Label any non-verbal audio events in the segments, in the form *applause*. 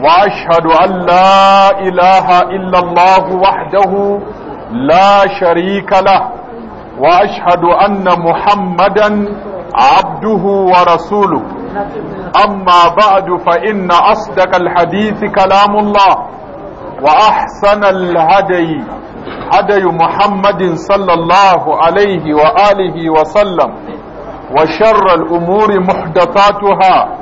وأشهد أن لا إله إلا الله وحده لا شريك له وأشهد أن محمدا عبده ورسوله أما بعد فإن أصدق الحديث كلام الله وأحسن الهدي هدي محمد صلى الله عليه وآله وسلم وشر الأمور محدثاتها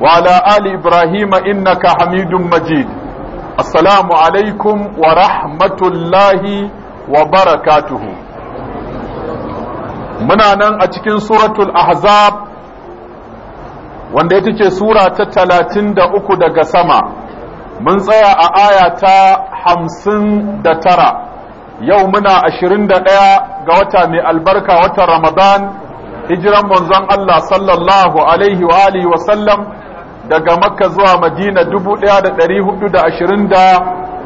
وعلى آل إبراهيم إنك Majid. مجيد السلام wa rahmatullahi wa وبركاته muna nan a cikin suratul ahzab wanda ita ce surata talatin da uku daga sama mun tsaya a aya ta hamsin da tara yau muna ashirin da ɗaya ga wata mai albarka watan ramadan hijiran manzon allah sallallahu alaihi wa wa sallam daga makka zuwa madina dubu daya da dari hudu da ashirin da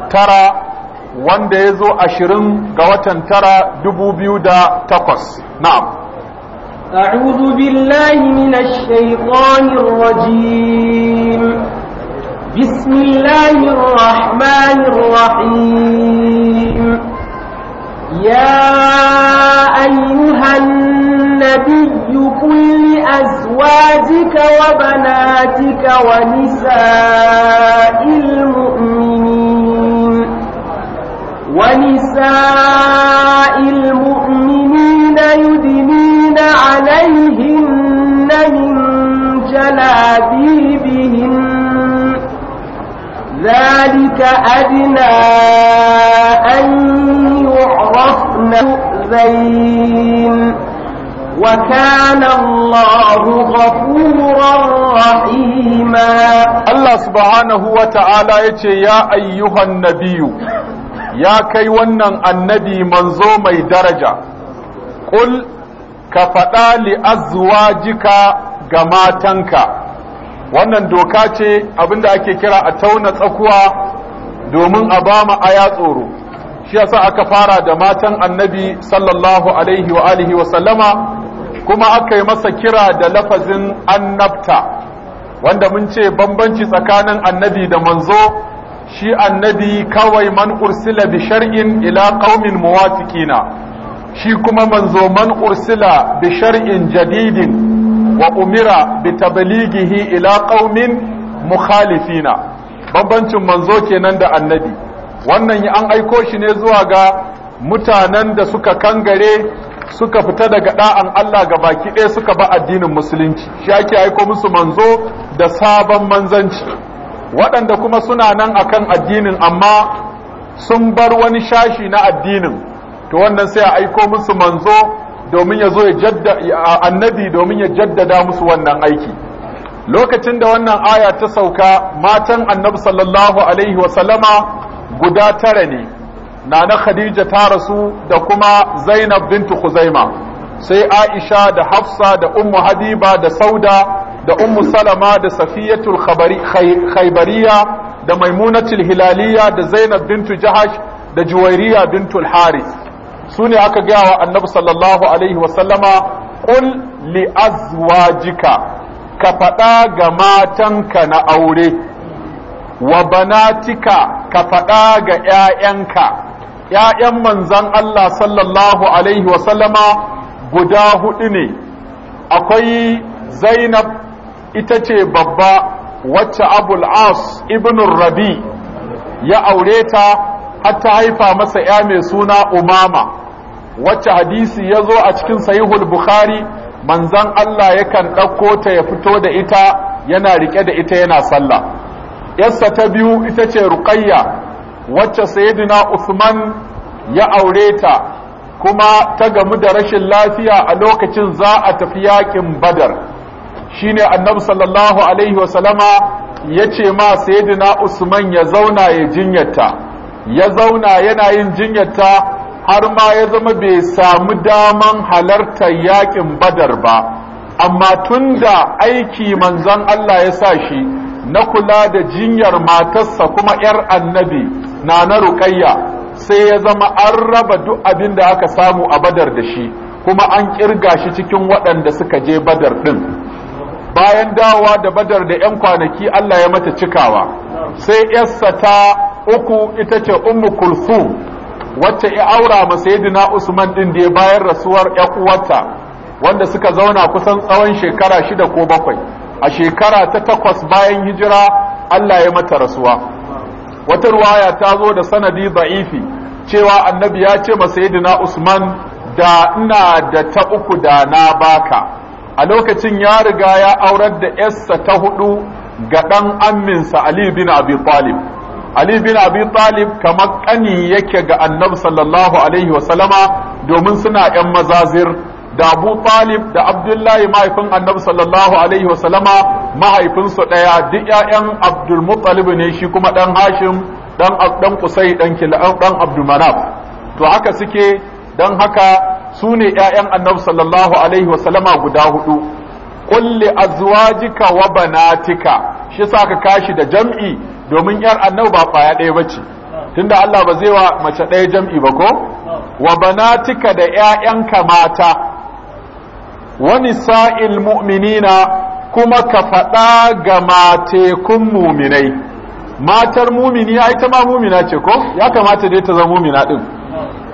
tara wanda ya zo ashirin ga watan tara dubu biyu da takwas na'am النبي كل أزواجك وبناتك ونساء المؤمنين ونساء المؤمنين يدنين عليهن من جلابيبهن ذلك أدنى أن يعرفن يؤذين وكان الله غفورا رحيما الله سبحانه وتعالى يتي يا أيها النبي يا كي ونن النبي منظومي درجة قل كفتا لأزواجك جماتنك wannan doka ce abin da ake kira a tauna tsakuwa domin a bama aya tsoro shi yasa aka fara da matan annabi sallallahu alaihi wa alihi wa sallama kuma aka yi masa kira da lafazin annabta wanda mun ce bambanci tsakanin annabi da manzo shi annabi kawai man ursila bi shar'in ila qaumin muwafiqina shi kuma manzo man ursila bi shar'in jadidin wa umira bi tablighihi ila qaumin mukhalifina bambancin manzo kenan da annabi wannan an aiko shi ne zuwa ga mutanen da suka kangare suka fita daga da'an Allah ga baki ɗaya suka ba addinin musulunci shi ake aiko musu manzo da sabon manzanci waɗanda kuma suna nan akan addinin amma sun bar wani shashi na addinin to wannan sai a aiko musu manzo domin ya zo ya jadda annabi domin ya jaddada musu wannan aiki lokacin da wannan aya ta sauka matan annabi sallallahu alaihi wa sallama guda tara ne nana khadija ta rasu da kuma zainab bintu khuzaima sai aisha da hafsa da ummu habiba da sauda da ummu salama da safiyatul khaybariya da maimunatul hilaliya da zainab bintu jahash da juwairiya bintu haris su ne aka gaya wa annabi sallallahu alaihi wasallama qul li azwajika ka faɗa ga matanka na aure wa banatika ka faɗa ga ‘ya'yanka ‘ya'yan manzan Allah sallallahu Alaihi wasallama guda hudu ne, akwai Zainab ita ce babba wacce Abul As ibn Rabi ya aure ta har ta haifa masa ‘ya mai suna Umama, wacce hadisi ya zo a cikin sahihul Bukhari manzan Allah yakan ɗauko ta ya fito da ita yana riƙe da ita yana sallah. ‘Yarsa ta biyu ita ce Ruqayya wacce sayyidina Usman ya aure ta kuma ta gamu da rashin lafiya a lokacin za a tafi yakin Badar shine Annabi sallallahu alaihi wa ya ce ma sayyidina Usman ya zauna ya jinyarta ya zauna yana yin jinyarta har ma ya zama bai samu daman halartar yakin Badar ba amma tunda aiki manzon Allah ya sa shi na kula da jinyar matarsa kuma ‘yar annabi na na ruƙayya sai ya zama an raba duk abin da aka samu a badar da shi kuma an ƙirga shi cikin waɗanda suka je badar ɗin bayan dawowa da badar da ‘yan kwanaki Allah ya mata cikawa sai ‘yarsa ta uku ita ce ummu kulsu wacce ya aura ma sayidina usman ɗin da ya bayar rasuwar ‘yan uwarta wanda suka zauna kusan tsawon shekara shida ko bakwai a shekara ta takwas bayan hijira Allah ya mata rasuwa wata ruwaya ta zo da sanadi za'ifi cewa annabi ya ce masa yadina usman da ina da ta uku da na baka a lokacin ya riga ya aurar da yarsa ta hudu ga ɗan aminsa ali bin abi talib ali bin abi talib kamar ƙani yake ga annabi sallallahu alaihi wasallama domin suna ‘yan mazazir da Abu Talib da Abdullahi mahaifin Annabi sallallahu alaihi wasallama mahaifinsu ɗaya duk ƴaƴan Abdul Muttalib ne shi kuma dan Hashim dan dan Qusay dan Kilab dan Abdul Manaf to haka suke dan haka su ne ƴaƴan Annabi sallallahu alaihi wasallama guda hudu kulli azwajika wa banatika shi sa ka kashi da jam'i domin yar annabi ba kwaya ɗaya bace tunda Allah ba zai wa mace ɗaya jam'i ba ko wa banatika da ƴaƴanka mata wani sa'il mu'minina kuma ka faɗa ga matekun muminai matar mumini ai ta ma mumina ce ko ya kamata dai ta zama mumina din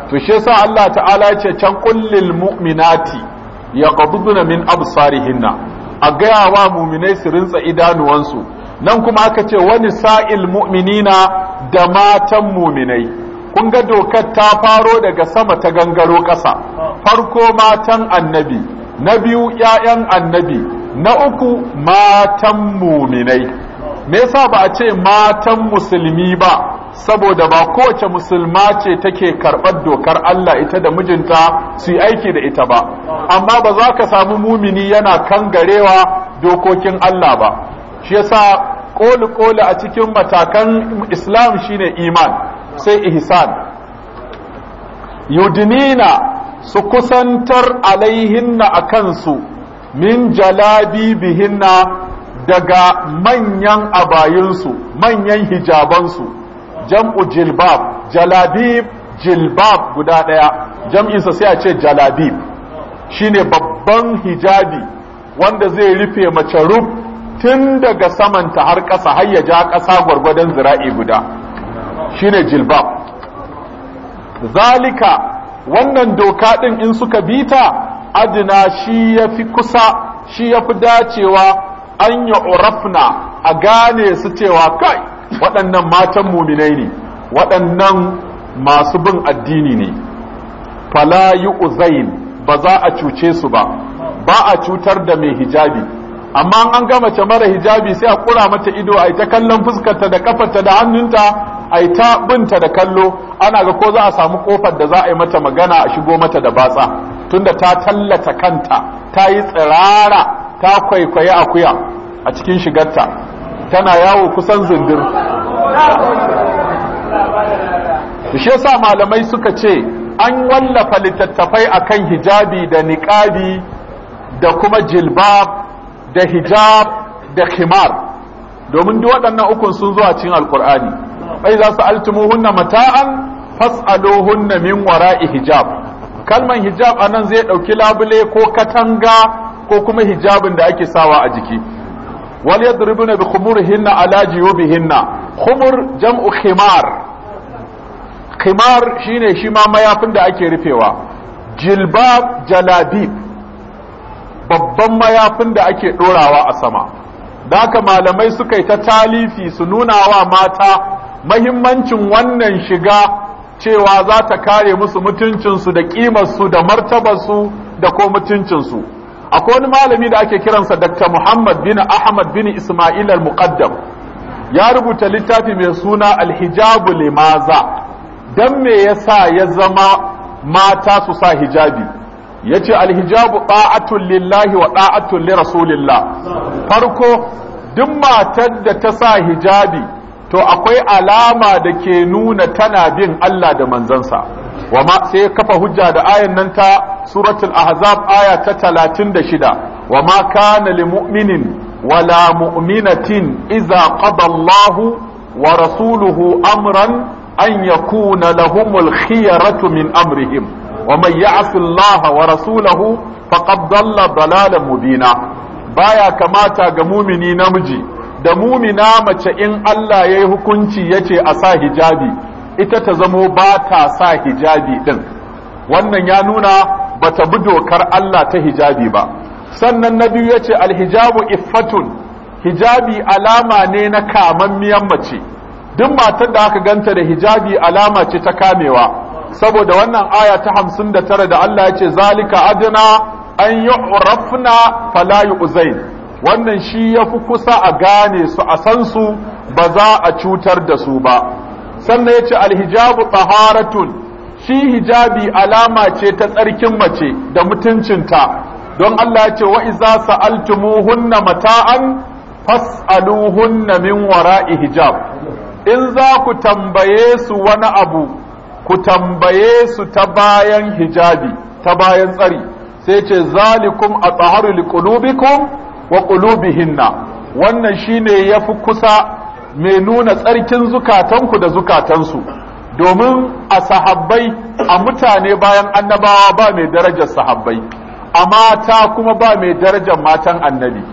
to shi yasa Allah ta'ala ce can kullil mu'minati yaqduduna min absarihinna a gaya wa muminai su rinsa idanuwansu nan kuma aka ce wani sa'il mu'minina da matan muminai kun ga dokar ta faro daga sama ta gangaro ƙasa farko matan annabi na biyu ‘ya'yan annabi na uku matan muminai me yasa ba a ce matan musulmi ba saboda ba kowace musulma ce take karɓar dokar Allah ita da mijinta su yi aiki da ita ba amma ba za ka samu mumini yana kan garewa dokokin Allah ba shi yasa koli-koli a cikin matakan islam shine iman sai ihsan yudinina su kusantar alaihinna a kansu min jalabi bihinna daga manyan abayinsu manyan hijabansu jam'u jilbab jalabib jilbab guda ɗaya jam'insa sai a ce jalabib shine babban hijabi wanda zai rufe mace rub tun daga samanta har ƙasa har ya ja ƙasa gwargwadon zira'i guda shine jilbab zalika wannan doka ɗin in suka bi ta adina shi fi kusa shi ya fi dacewa an yi urafna a gane su cewa kai waɗannan matan muminai ne waɗannan masu bin addini ne fala yi uzain ba za a cuce su ba ba a cutar da mai hijabi amma an ga mace mara hijabi sai a kura mata ido a ta kallon fuskarta da kafarta da hannunta a ta binta da kallo ana ga ko za a samu kofar da za a yi mata magana a shigo mata da batsa tunda ta tallata kanta ta yi tsirara ta kwaikwayi akuya a cikin shigarta tana yawo kusan zindir shi yasa malamai suka ce an wallafa littattafai akan hijabi da niqabi da kuma jilbab da hijab da khimar domin duk waɗannan ukun sun zo a cikin alkur'ani bai za su altumuhunna mata'an fas'aluhunna min wara'i hijab kalman hijab anan zai ɗauki labule ko katanga ko kuma hijabin da ake sawa a jiki wal yadribuna bi khumurihinna ala jiyubihinna khumur jam'u khimar khimar shine shi ma mayafin da ake rufewa jilbab jalabib babban mayafin da ake ɗorawa a sama da aka malamai suka yi ta talifi su nuna wa mata mahimmancin wannan shiga cewa za ta kare musu mutuncinsu da ƙimarsu da martabarsu da ko mutuncinsu akwai wani malami da ake kiransa dr muhammad bin ahmad bin ismail al-muqaddam ya rubuta littafi mai suna alhijabu limaza don me yasa ya zama mata su sa hijabi yace alhijabu ta'atun lillahi wa ɗa'atun li rasulillah farko duk matar da ta sa hijabi to akwai alama da ke nuna tana bin Allah da manzansa wama sai kafa hujja da ayan nan ta suratul ahzab aya ta talatin da shida. wama kana lil mu'minin wala mu'minatin idza qada Allahu wa rasuluhu amran an yakuna lahumul khiyaratu min amrihim wa mai ya'si Allah wa rasulahu faqad dalla dalalan mubina baya kamata ga mumini namiji da mumina mace in Allah yayi hukunci yace a sa hijabi ita ta zamo ba ta sa hijabi ɗin. wannan ya nuna bata bi dokar Allah ta hijabi ba sannan na biyu yace alhijabu iffatun hijabi alama ne na kaman miyan mace duk matar da aka ganta da hijabi alama ce ta kamewa saboda wannan aya ta hamsin da tara da Allah ya ce zalika adina an yi urafna falayu uzai. wannan shi ya fi kusa a gane su a san su ba za a cutar da su ba sannan ya ce alhijabu taharatun shi hijabi alama ce ta tsarkin mace da mutuncinta don Allah ya ce wa iza sa'altumuhunna mata'an fas'aluhunna min wara'i hijab in za ku tambaye su wani abu ku tambaye su ta bayan hijabi ta bayan tsari sai ce zalikum a tsaharu liƙulubikum wa kulubihinna wannan shine ya fi kusa mai nuna tsarkin zukatanku da zukatansu domin a sahabbai a mutane bayan annabawa ba mai darajar sahabbai a mata kuma ba mai darajar matan annabi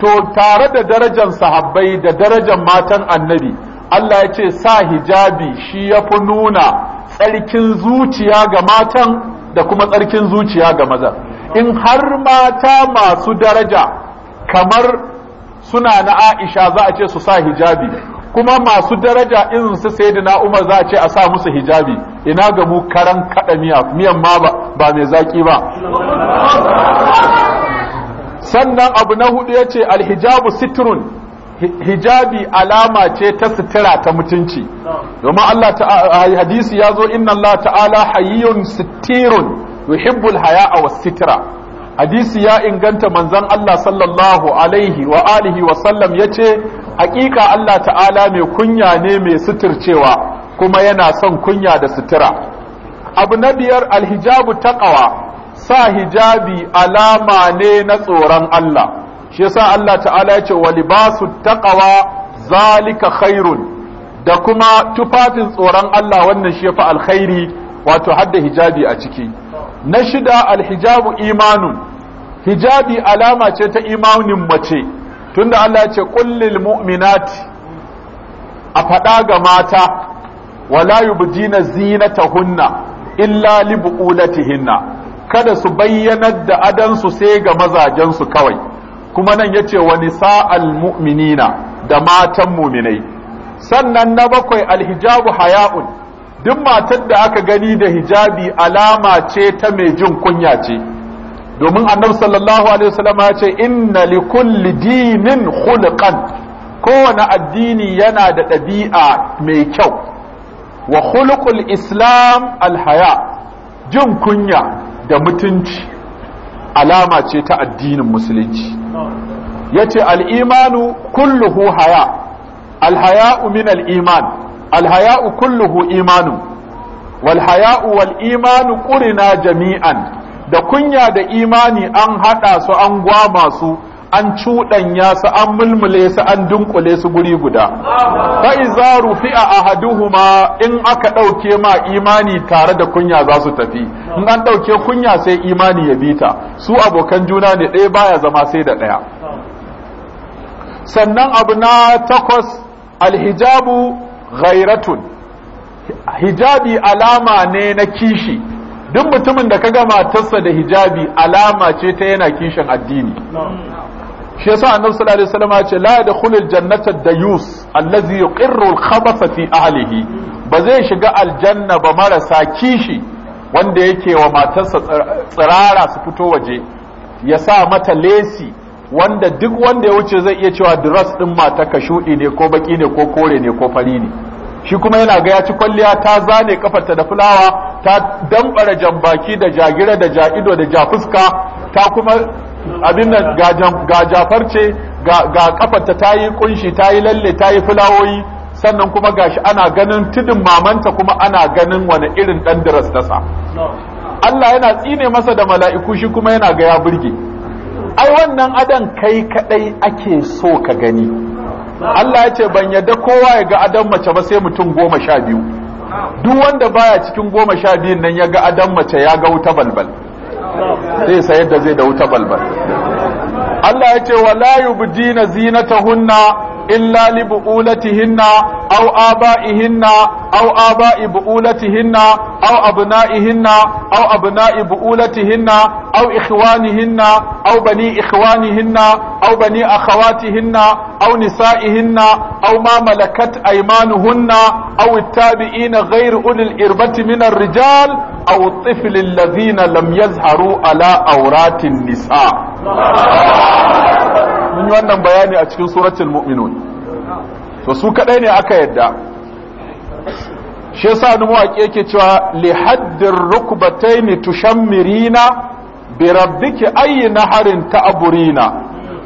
to tare da darajar sahabbai da darajar matan annabi Allah ya ce sa hijabi shi ya fi nuna tsarkin zuciya ga matan da kuma tsarkin zuciya ga mazan in har mata masu daraja kamar suna na aisha za a ce su sa hijabi kuma masu daraja in su sai umar za a ce a sa musu hijabi ina ga mu karan kada miya miyan ma ba mai zaki ba sannan abu na hudu ya ce alhijabu sitrun hijabi alama ce ta sutura ta mutunci domin Allah hadisi ya zo inna Allah ta'ala hayyun sitirun yuhibbul haya'a was sitira hadisi ya inganta manzon Allah sallallahu alaihi wa alihi wa sallam yace hakika Allah ta'ala mai kunya ne mai suturcewa kuma yana son kunya da sutura abu na biyar alhijabu taqwa sa hijabi alama ne na tsoron Allah shi yasa Allah ta'ala ya ce wa libasu taqwa zalika khairun da kuma tufafin tsoron Allah wannan shi yafi alkhairi wato hadda hijabi a ciki na shida alhijabu imanun hijabi alama ce ta imanin mace tunda Allah ya ce kullil mu'minati a faɗa ga mata wala yubdina zinatahunna illa li buqulatihinna kada su bayyanar da adansu sai ga mazajensu kawai kuma nan yace wani sa’al mu'minina da matan mu'minai sannan na bakwai alhijabu haya'un duk matan da aka gani da hijabi alama ce ta mai jin kunya ce domin annabi sallallahu alaihi wasallam ya ce inna kulli dinin khulqan kowane addini yana da ɗabi'a mai kyau wa khuluqul islam alhaya jin kunya da mutunci alama ce ta addinin musulunci ce al-imanu kulluhu haya Alhaya'u min al'iman, iman al kulluhu imanu walhaya'u haya'u wal imanu jami'an da kunya da imani an haɗa su an gwama su an cuɗanya su an mulmule su an dunkule su guri guda fa iza rufi'a ahaduhuma in aka ɗauke ma imani tare da kunya za su tafi in an ɗauke kunya sai imani ya bita su abokan juna ne ɗaya baya zama sai da ɗaya sannan abu na takwas alhijabu ghairatun hijabi alama ne na kishi duk mutumin da ka gama matarsa da hijabi alama ce ta yana kishin addini shi yasa annabi sallallahu alaihi wasallam ya ce la yadkhulul jannata dayus allazi yuqirru al-khabatha fi ahlihi ba zai shiga aljanna ba marasa kishi wanda yake wa matarsa tsirara su fito waje ya sa mata lesi wanda duk wanda ya wuce zai iya cewa dress din mata ka shudi ne ko baki ne ko kore ne ko fari ne shi kuma yana ga ya ci kwalliya ta zane kafarta da fulawa ta dambara jambaki da jagira da ja'ido da jafuska ta kuma abin nan ga jafarce ga kafarta ta yi kunshi ta yi lalle ta yi fulawoyi sannan kuma gashi ana ganin tudun mamanta kuma ana ganin wani irin dan diras sa Allah yana tsine masa da mala'iku shi kuma yana ga ya burge ai wannan adan kai kadai ake so ka gani Allah ya ce ban yadda kowa ya ga adam mace ba sai mutum goma sha biyu duk wanda baya cikin goma sha biyun nan ya ga adam mace ya ga wuta balbal zai sa da zai da wuta balbal Allah ya ce wa la yubdina zinatahunna illa li bu'ulatihinna aw aba'ihinna au aba'i hinna, au abna'ihinna aw abna'i au aw ikhwanihinna aw bani ikhwanihinna aw bani hinna, au nisa'ihinna aw ma malakat aymanuhunna aw التابعين غير أولي الإربة من الرجال أو الطفل الذين لم يظهروا ala auratin nisa. an yi wannan bayani a cikin suratul mu'minun to su kadai ne aka yadda shi yasa ni mawaƙi yake cewa li haddir rukbataini tushammirina bi rabbiki ayi naharin ta'burina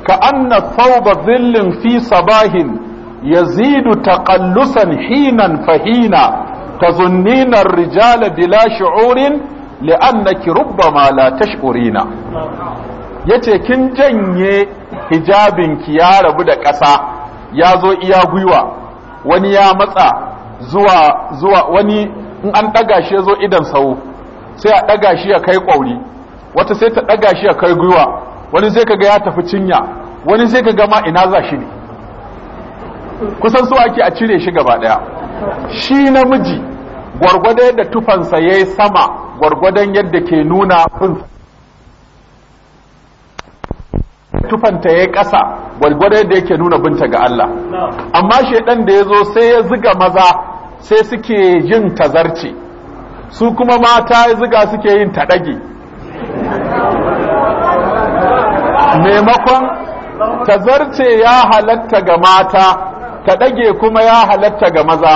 ka anna thawba dhillin fi sabahin yazidu taqallusan hinan fahina tazunnina ar-rijala bila shu'urin li'annaki rubbama la tash'urina yace kin janye hijabinki ya rabu da ƙasa ya zo iya gwiwa wani ya matsa zuwa zuwa wani in an ɗaga shi ya zo idan sau sai a ɗaga shi ya kai ƙwauri wata sai ta ɗaga shi ya kai gwiwa wani sai ga ya tafi cinya wani sai ka ma ina za shi ne kusan su ake a cire shi gaba ɗaya shi namiji gwargwadon yadda tufansa ya yi sama gwargwadon yadda ke nuna kunsa tufanta ya ƙasa gwargwado yadda yake nuna binta ga Allah amma shaidan da ya zo sai ya ziga maza sai suke yin tazarci su kuma mata ya ziga suke yin taɗage maimakon tazarce ya halatta ga mata taɗage kuma ya halatta ga maza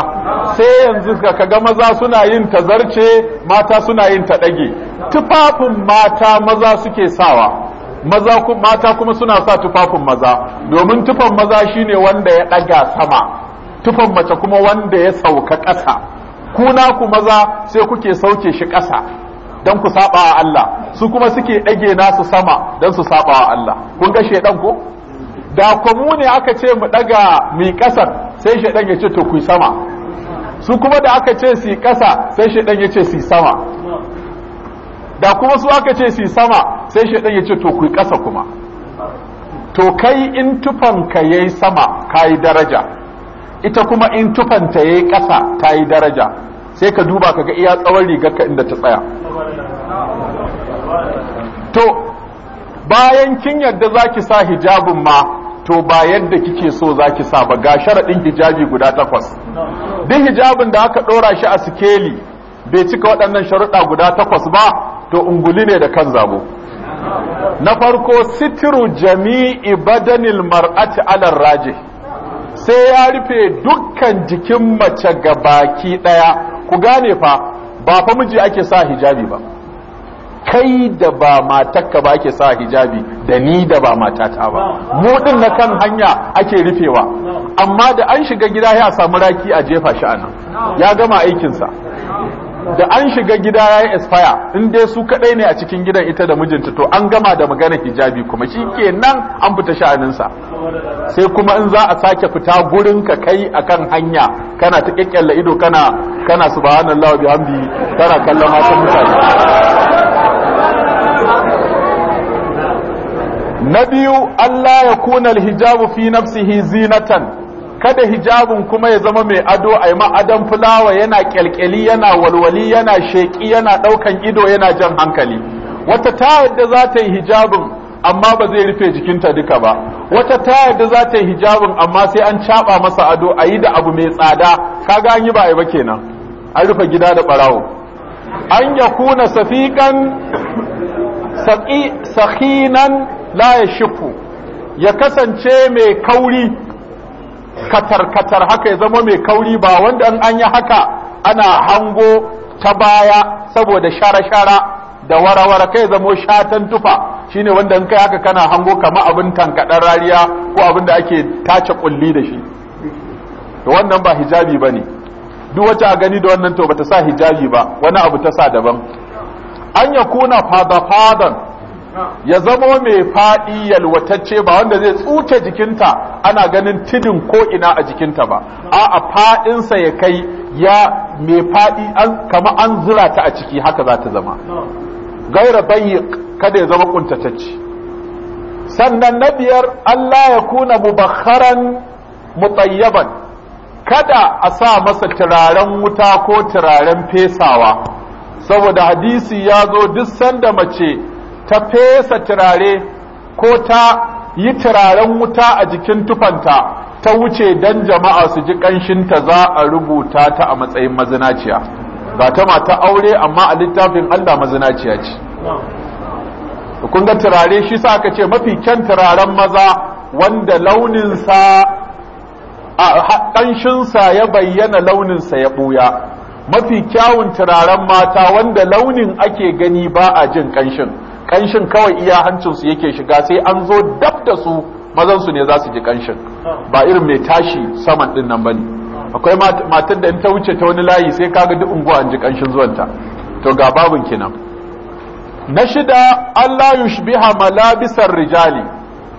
sai yanzu kaga maza suna yin tazarce mata suna yin taɗage tufafin mata maza suke sawa maza mata kuma suna sa tufafin maza domin tufan maza shine wanda ya ɗaga sama tufan mace kuma wanda ya sauka ƙasa kuna ku maza sai kuke sauke shi ƙasa don ku saba wa Allah su kuma suke ɗage nasu sama don su saba wa Allah kun ga shedan ko da kwamu ne aka ce mu ɗaga mi ƙasar sai shedan ya ce to ku sama su kuma da aka ce su ƙasa sai shedan ya ce su sama da kuma su aka ce su sama sai shi ya ce to ku ƙasa kuma to kai in tufanka ya yi sama ka yi daraja ita kuma in tufanta ya yi ƙasa ta yi daraja sai ka duba ka ga iya tsawon rigar ka inda ta tsaya to bayan kin yadda za ki sa hijabin ma to ba yadda kike so za ki sa ba ga sharaɗin hijabi guda takwas duk hijabin da aka ɗora shi a sikeli bai cika waɗannan sharuɗa guda takwas ba to unguli ne da kan zabo na farko sitiru jami'i badanil mar'ati alar Raje sai ya rufe dukkan jikin mace ga baki daya ku gane fa ba fa miji ake sa hijabi ba kai da ba matakka ba ake sa hijabi da ni da ba matata ba mu din na kan hanya ake rufewa amma da an shiga gida ya samu raki a jefa shi anan ya gama aikinsa da an shiga gida ya expire in dai su kaɗai ne a cikin gidan ita da mijinta to an gama da magana hijabi kuma shi ke nan an fita sha'aninsa sai kuma in za a sake fita gurin ka kai akan hanya kana ta kekkelle ido kana kana ba bihamdi kana kallon matan mutane na biyu Allah ya kuna alhijabu fi nafsihi zinatan kada hijabin kuma ya zama mai ado a yi ma'adan fulawa yana kyalkyali yana walwali yana sheƙi yana ɗaukan ido yana jan hankali wata ta yadda za ta yi hijabin amma ba zai rufe jikinta duka ba wata ta yadda za ta yi hijabin amma sai an caɓa masa ado a yi da abu mai tsada ka an ba a ba kenan an rufe gida da ɓarawo an ya kuna safiƙan sakinan la ya kasance mai kauri katar-katar haka ya zama mai kauri ba wanda an yi haka ana hango ta baya saboda shara-shara da warawara kai zamo shatan tufa shine wanda in kai haka kana hango kama abin tankaɗar rariya ko abin da ake tace kulli da shi to wannan ba hijabi bane duk wacce a gani da wannan to bata sa hijabi ba wani abu ta sa daban an yakuna fada fadan ya zama mai faɗi yalwatacce ba wanda zai tsuke jikinta ana ganin tidin ko ina a jikinta ba a'a faɗinsa ya kai ya mai faɗi kama an zura ta a ciki haka za ta zama gaira bayi kada ya zama kuntatacce sannan na biyar Allah ya kuna mubakharan mutayyaban kada a sa masa turaren wuta ko turaren fesawa saboda hadisi ya zo duk sanda mace ta fesa turare ko ta yi turaren wuta a jikin tufanta ta wuce don jama'a su ji ƙanshinta za a rubuta ta a matsayin mazinaciya ga ta mata aure amma a littafin Allah mazinaciya ce kun turare shi sa aka ce mafi kyan turaren maza wanda launinsa a ƙanshinsa ya bayyana launinsa ya ɓuya mafi kyawun turaren mata wanda launin ake gani ba a jin ƙanshin kanshin kawai iya hancinsu yake shiga sai an zo dab da su mazansu ne za su ji kanshin ba irin mai tashi saman din nan bane akwai matar da in ta wuce ta wani layi sai kaga duk unguwa an ji kanshin zuwanta to ga babun kenan na shida Allah yushbiha malabisar rijali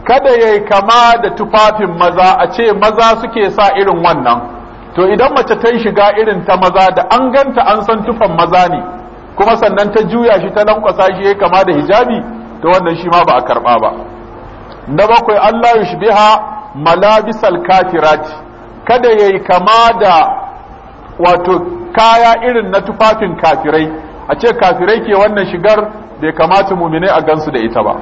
kada yayi kama da tufafin maza a ce maza suke sa irin wannan to idan mace ta yi shiga irin ta maza da an ganta an san tufan maza ne kuma sannan ta juya shi ta lankwasa shi ya kama da hijabi ta wannan shi ma ba a karɓa ba na bakwai Allah ya shibiha malabisal kafirati kada yayi yi kama da wato kaya irin na tufafin kafirai a ce kafirai ke wannan shigar bai kamata mumine a gansu da ita ba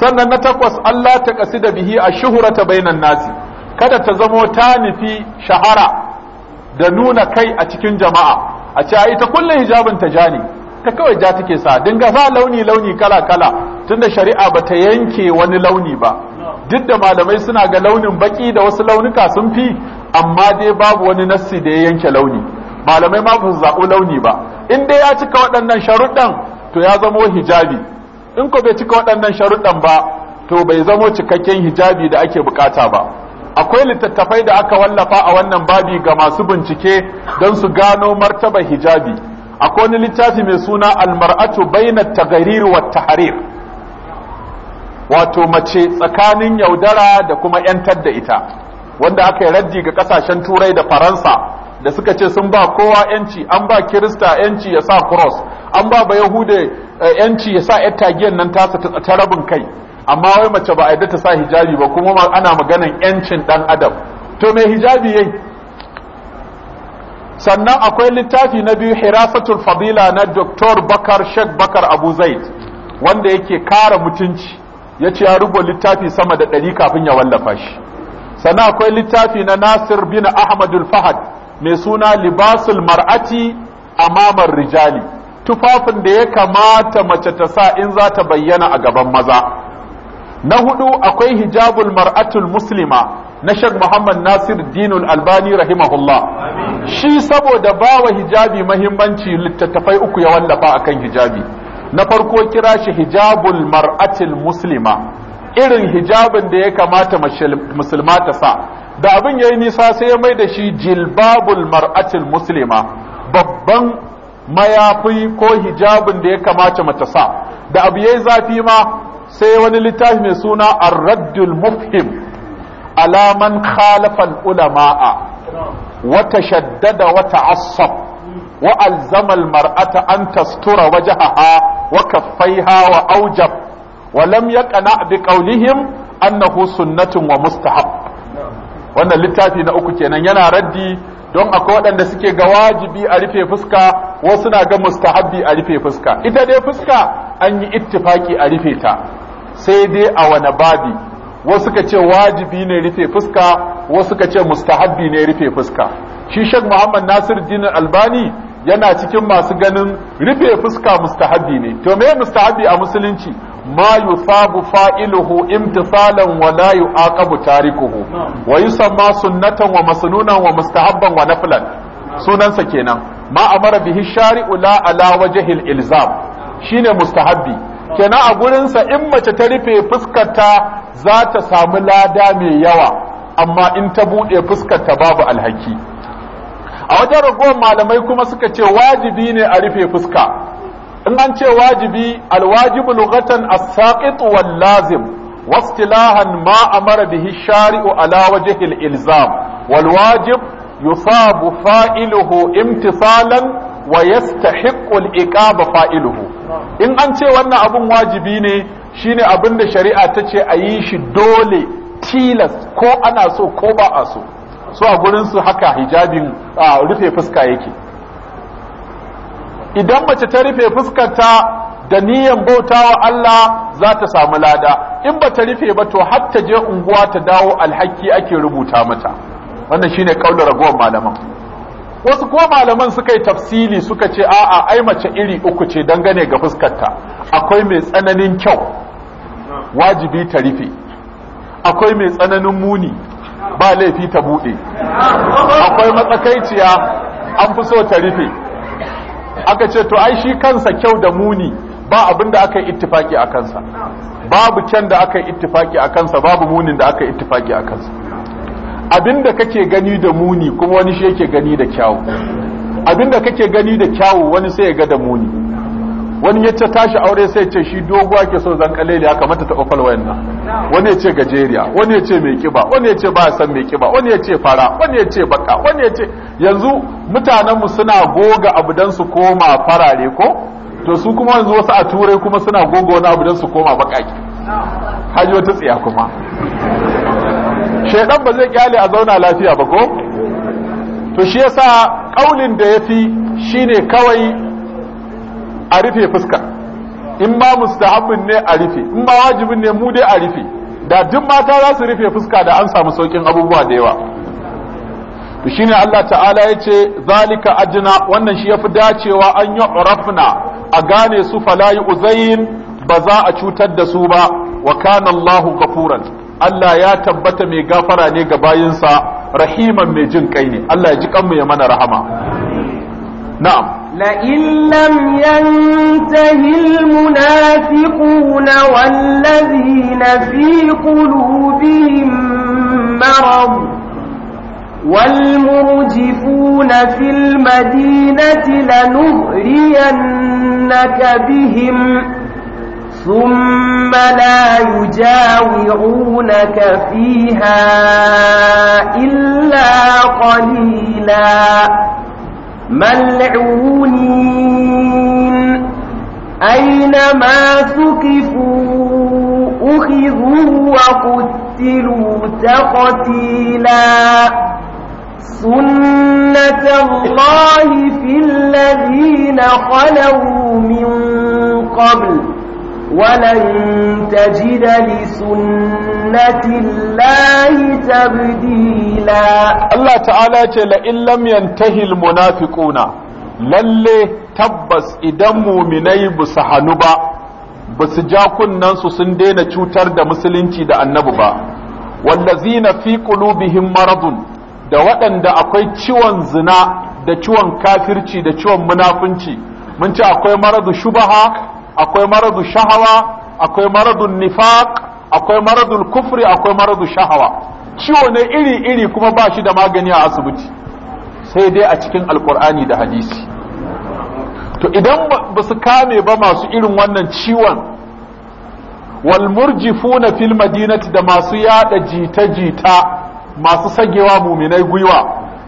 sannan na takwas Allah ta kasi da bihi a shuhurata bainan nasi kada ta zamo ta nufi shahara da nuna kai a cikin jama'a a ce ita kullum hijabin ta ja ne ta kawai ja take sa dinga sa launi launi kala kala tunda shari'a ba ta yanke wani launi ba duk da malamai suna ga launin baki da wasu launuka sun fi amma dai babu wani nassi da ya yanke launi malamai ma ba su launi ba in dai ya cika waɗannan sharuɗan to ya zamo hijabi in ko bai cika waɗannan sharuɗan ba to bai zamo cikakken hijabi da ake bukata ba akwai littattafai da aka wallafa a wannan babi ga masu bincike don su gano martaba hijabi akwai wani littafi mai suna almar'atu baina tagarir wa taharir wato mace tsakanin yaudara da kuma yantar da ita wanda aka yi raddi ga kasashen turai da faransa da suka ce sun ba kowa yanci an ba kirista yanci ya sa cross an ba ba yahude eh, yanci ya sa yar nan tasa ta rabin kai amma wai mace ba a yadda ta sa hijabi ba kuma ana maganan yancin dan adam to me hijabi yayi sannan akwai littafi na biyu hirasatul fadila na dr bakar shek bakar abu zaid wanda yake kara mutunci ya ce ya rubo littafi sama da ɗari kafin ya wallafa shi sannan akwai littafi na nasir bin ahmadul fahad mai suna libasul mar'ati amamar rijali tufafin da ya kamata mace ta sa in za ta bayyana a gaban maza na hudu akwai hijabul mar'atul muslima na shek Muhammad Nasir Dinul Albani rahimahullah shi saboda bawa hijabi mahimmanci littattafai uku ya wallafa akan hijabi na farko kira shi hijabul mar'atul muslima irin hijabin da ya kamata musulma ta sa da abin yayi nisa sai ya mai da shi jilbabul mar'atul muslima babban mayafi ko hijabin da ya kamata mace sa da abu yayi zafi ma sai wani littafi mai suna arraddul mufhim alaman khalafan ulamaa wata shaddada wata asab wa alzamal marata an tastura wajhaha wa kaffaiha wa awjab wa lam yaqna bi qawlihim annahu sunnatun wa mustahab wannan littafi na uku kenan yana raddi don akwai waɗanda suke ga wajibi a rufe fuska wasu na ga mustahabbi a rufe fuska ita dai fuska an yi ittifaki a rufe ta sai dai a wani babi wasu ka ce wajibi ne rufe fuska wasu ka ce mustahabbi ne rufe fuska shi shek muhammad nasir jinin albani yana cikin masu ganin rufe fuska mustahabi ne to me mustahabi a musulunci ma yusabu fa'iluhu imtisalan wa la yu'aqabu tarikuhu wa yusamma sunnatan wa masnunan wa mustahabban wa naflan sunansa kenan ma amara bihi shari'u la ala wajhi ilzam shine mustahabbi kenan a gurin sa in mace ta rufe fuskarta za ta samu lada mai yawa amma in ta bude fuskarta babu alhaki a wajen ragowar malamai kuma suka ce wajibi ne a rufe fuska in an ce wajibi alwajibu lughatan as-saqit wal lazim wastilahan ma amara bihi shari'u ala wajhi al-ilzam wal wajib yusabu fa'iluhu imtisalan wa yastahiqqu al-iqaba fa'iluhu in an ce wannan abun wajibi ne shine abin da shari'a ta ce a yi shi dole tilas ko ana so ko ba a so su a gurinsu haka hijabin a rufe fuska yake idan mace ta rufe fuskarta da niyan bautawa Allah za ta samu lada in ba ta rufe ba to har ta je unguwa ta dawo alhaki ake rubuta mata wannan shine kaulin ragowar malaman wasu ko malaman suka yi tafsili suka ce a'a ai mace iri uku ce dangane ga fuskarta akwai mai tsananin kyau wajibi ta rufe akwai mai tsananin muni ba laifi ta buɗe akwai matsakaiciya an fi so ta rufe aka ce to ai shi kansa kyau da muni ba abin da aka yi ittifaki a kansa babu kyan da aka yi ittifaki a kansa babu munin da aka yi ittifaki a kansa abin da kake gani da muni kuma wani shi yake gani da kyawu abin da kake gani da kyawu wani sai ya ga da muni wani ya ce tashi aure sai ce shi doguwa ke so zan kalele ya kamata ta ofal nan wani ya ce gajeriya wani ya ce mai kiba wani ya ce ba san mai kiba wani ya ce fara wani ya ce baka wani ya ce yanzu mutanenmu suna goga abu dan su koma farare ko to su kuma yanzu wasu a turai kuma suna goga wani abu dan su koma bakaki haji wata tsiya kuma shedan ba zai kyale a zauna lafiya ba ko to shi yasa kaulin da yafi shine kawai a rufe fuska in ba mustahabbin ne a rufe in ba wajibin ne mu dai a rufe da duk mata za su rufe fuska da an samu saukin abubuwa da yawa to shine Allah ta'ala yace zalika ajna wannan shi yafi dacewa an yi urafna a gane su falayi uzayn ba za a cutar da su ba wa kana Allah ghafuran Allah ya tabbata mai gafara ne ga bayinsa rahiman mai jin kai ne Allah ya ji kanmu ya mana rahama na'am لئن لم ينته المنافقون والذين في قلوبهم مرض والمرجفون في المدينة لنغرينك بهم ثم لا يجاورونك فيها إلا قليلاً ملعونين أينما ثقفوا أخذوا وقتلوا تقتيلا سنة الله في الذين خلوا من قبل ولن تجد لسنة الله تبديلا الله تعالى لئن لم ينتهي المنافقون lalle tabbas idan muminai ba su hannu ba ba su ja su sun daina cutar da musulunci da annabi ba wallazina fi qulubihim maradun da waɗanda akwai ciwon zina da ciwon kafirci da ciwon munafunci mun ce akwai maradu shubaha akwai maradu shahawa akwai maradun nifaq akwai maradu kufri akwai maradu shahawa ciwo ne iri iri kuma ba shi da magani a asibiti sai dai a cikin alkur'ani da hadisi to idan ba su kame ba masu irin wannan ciwon wal murjifuna fil madinati da masu yada jita jita masu sagewa muminai gwiwa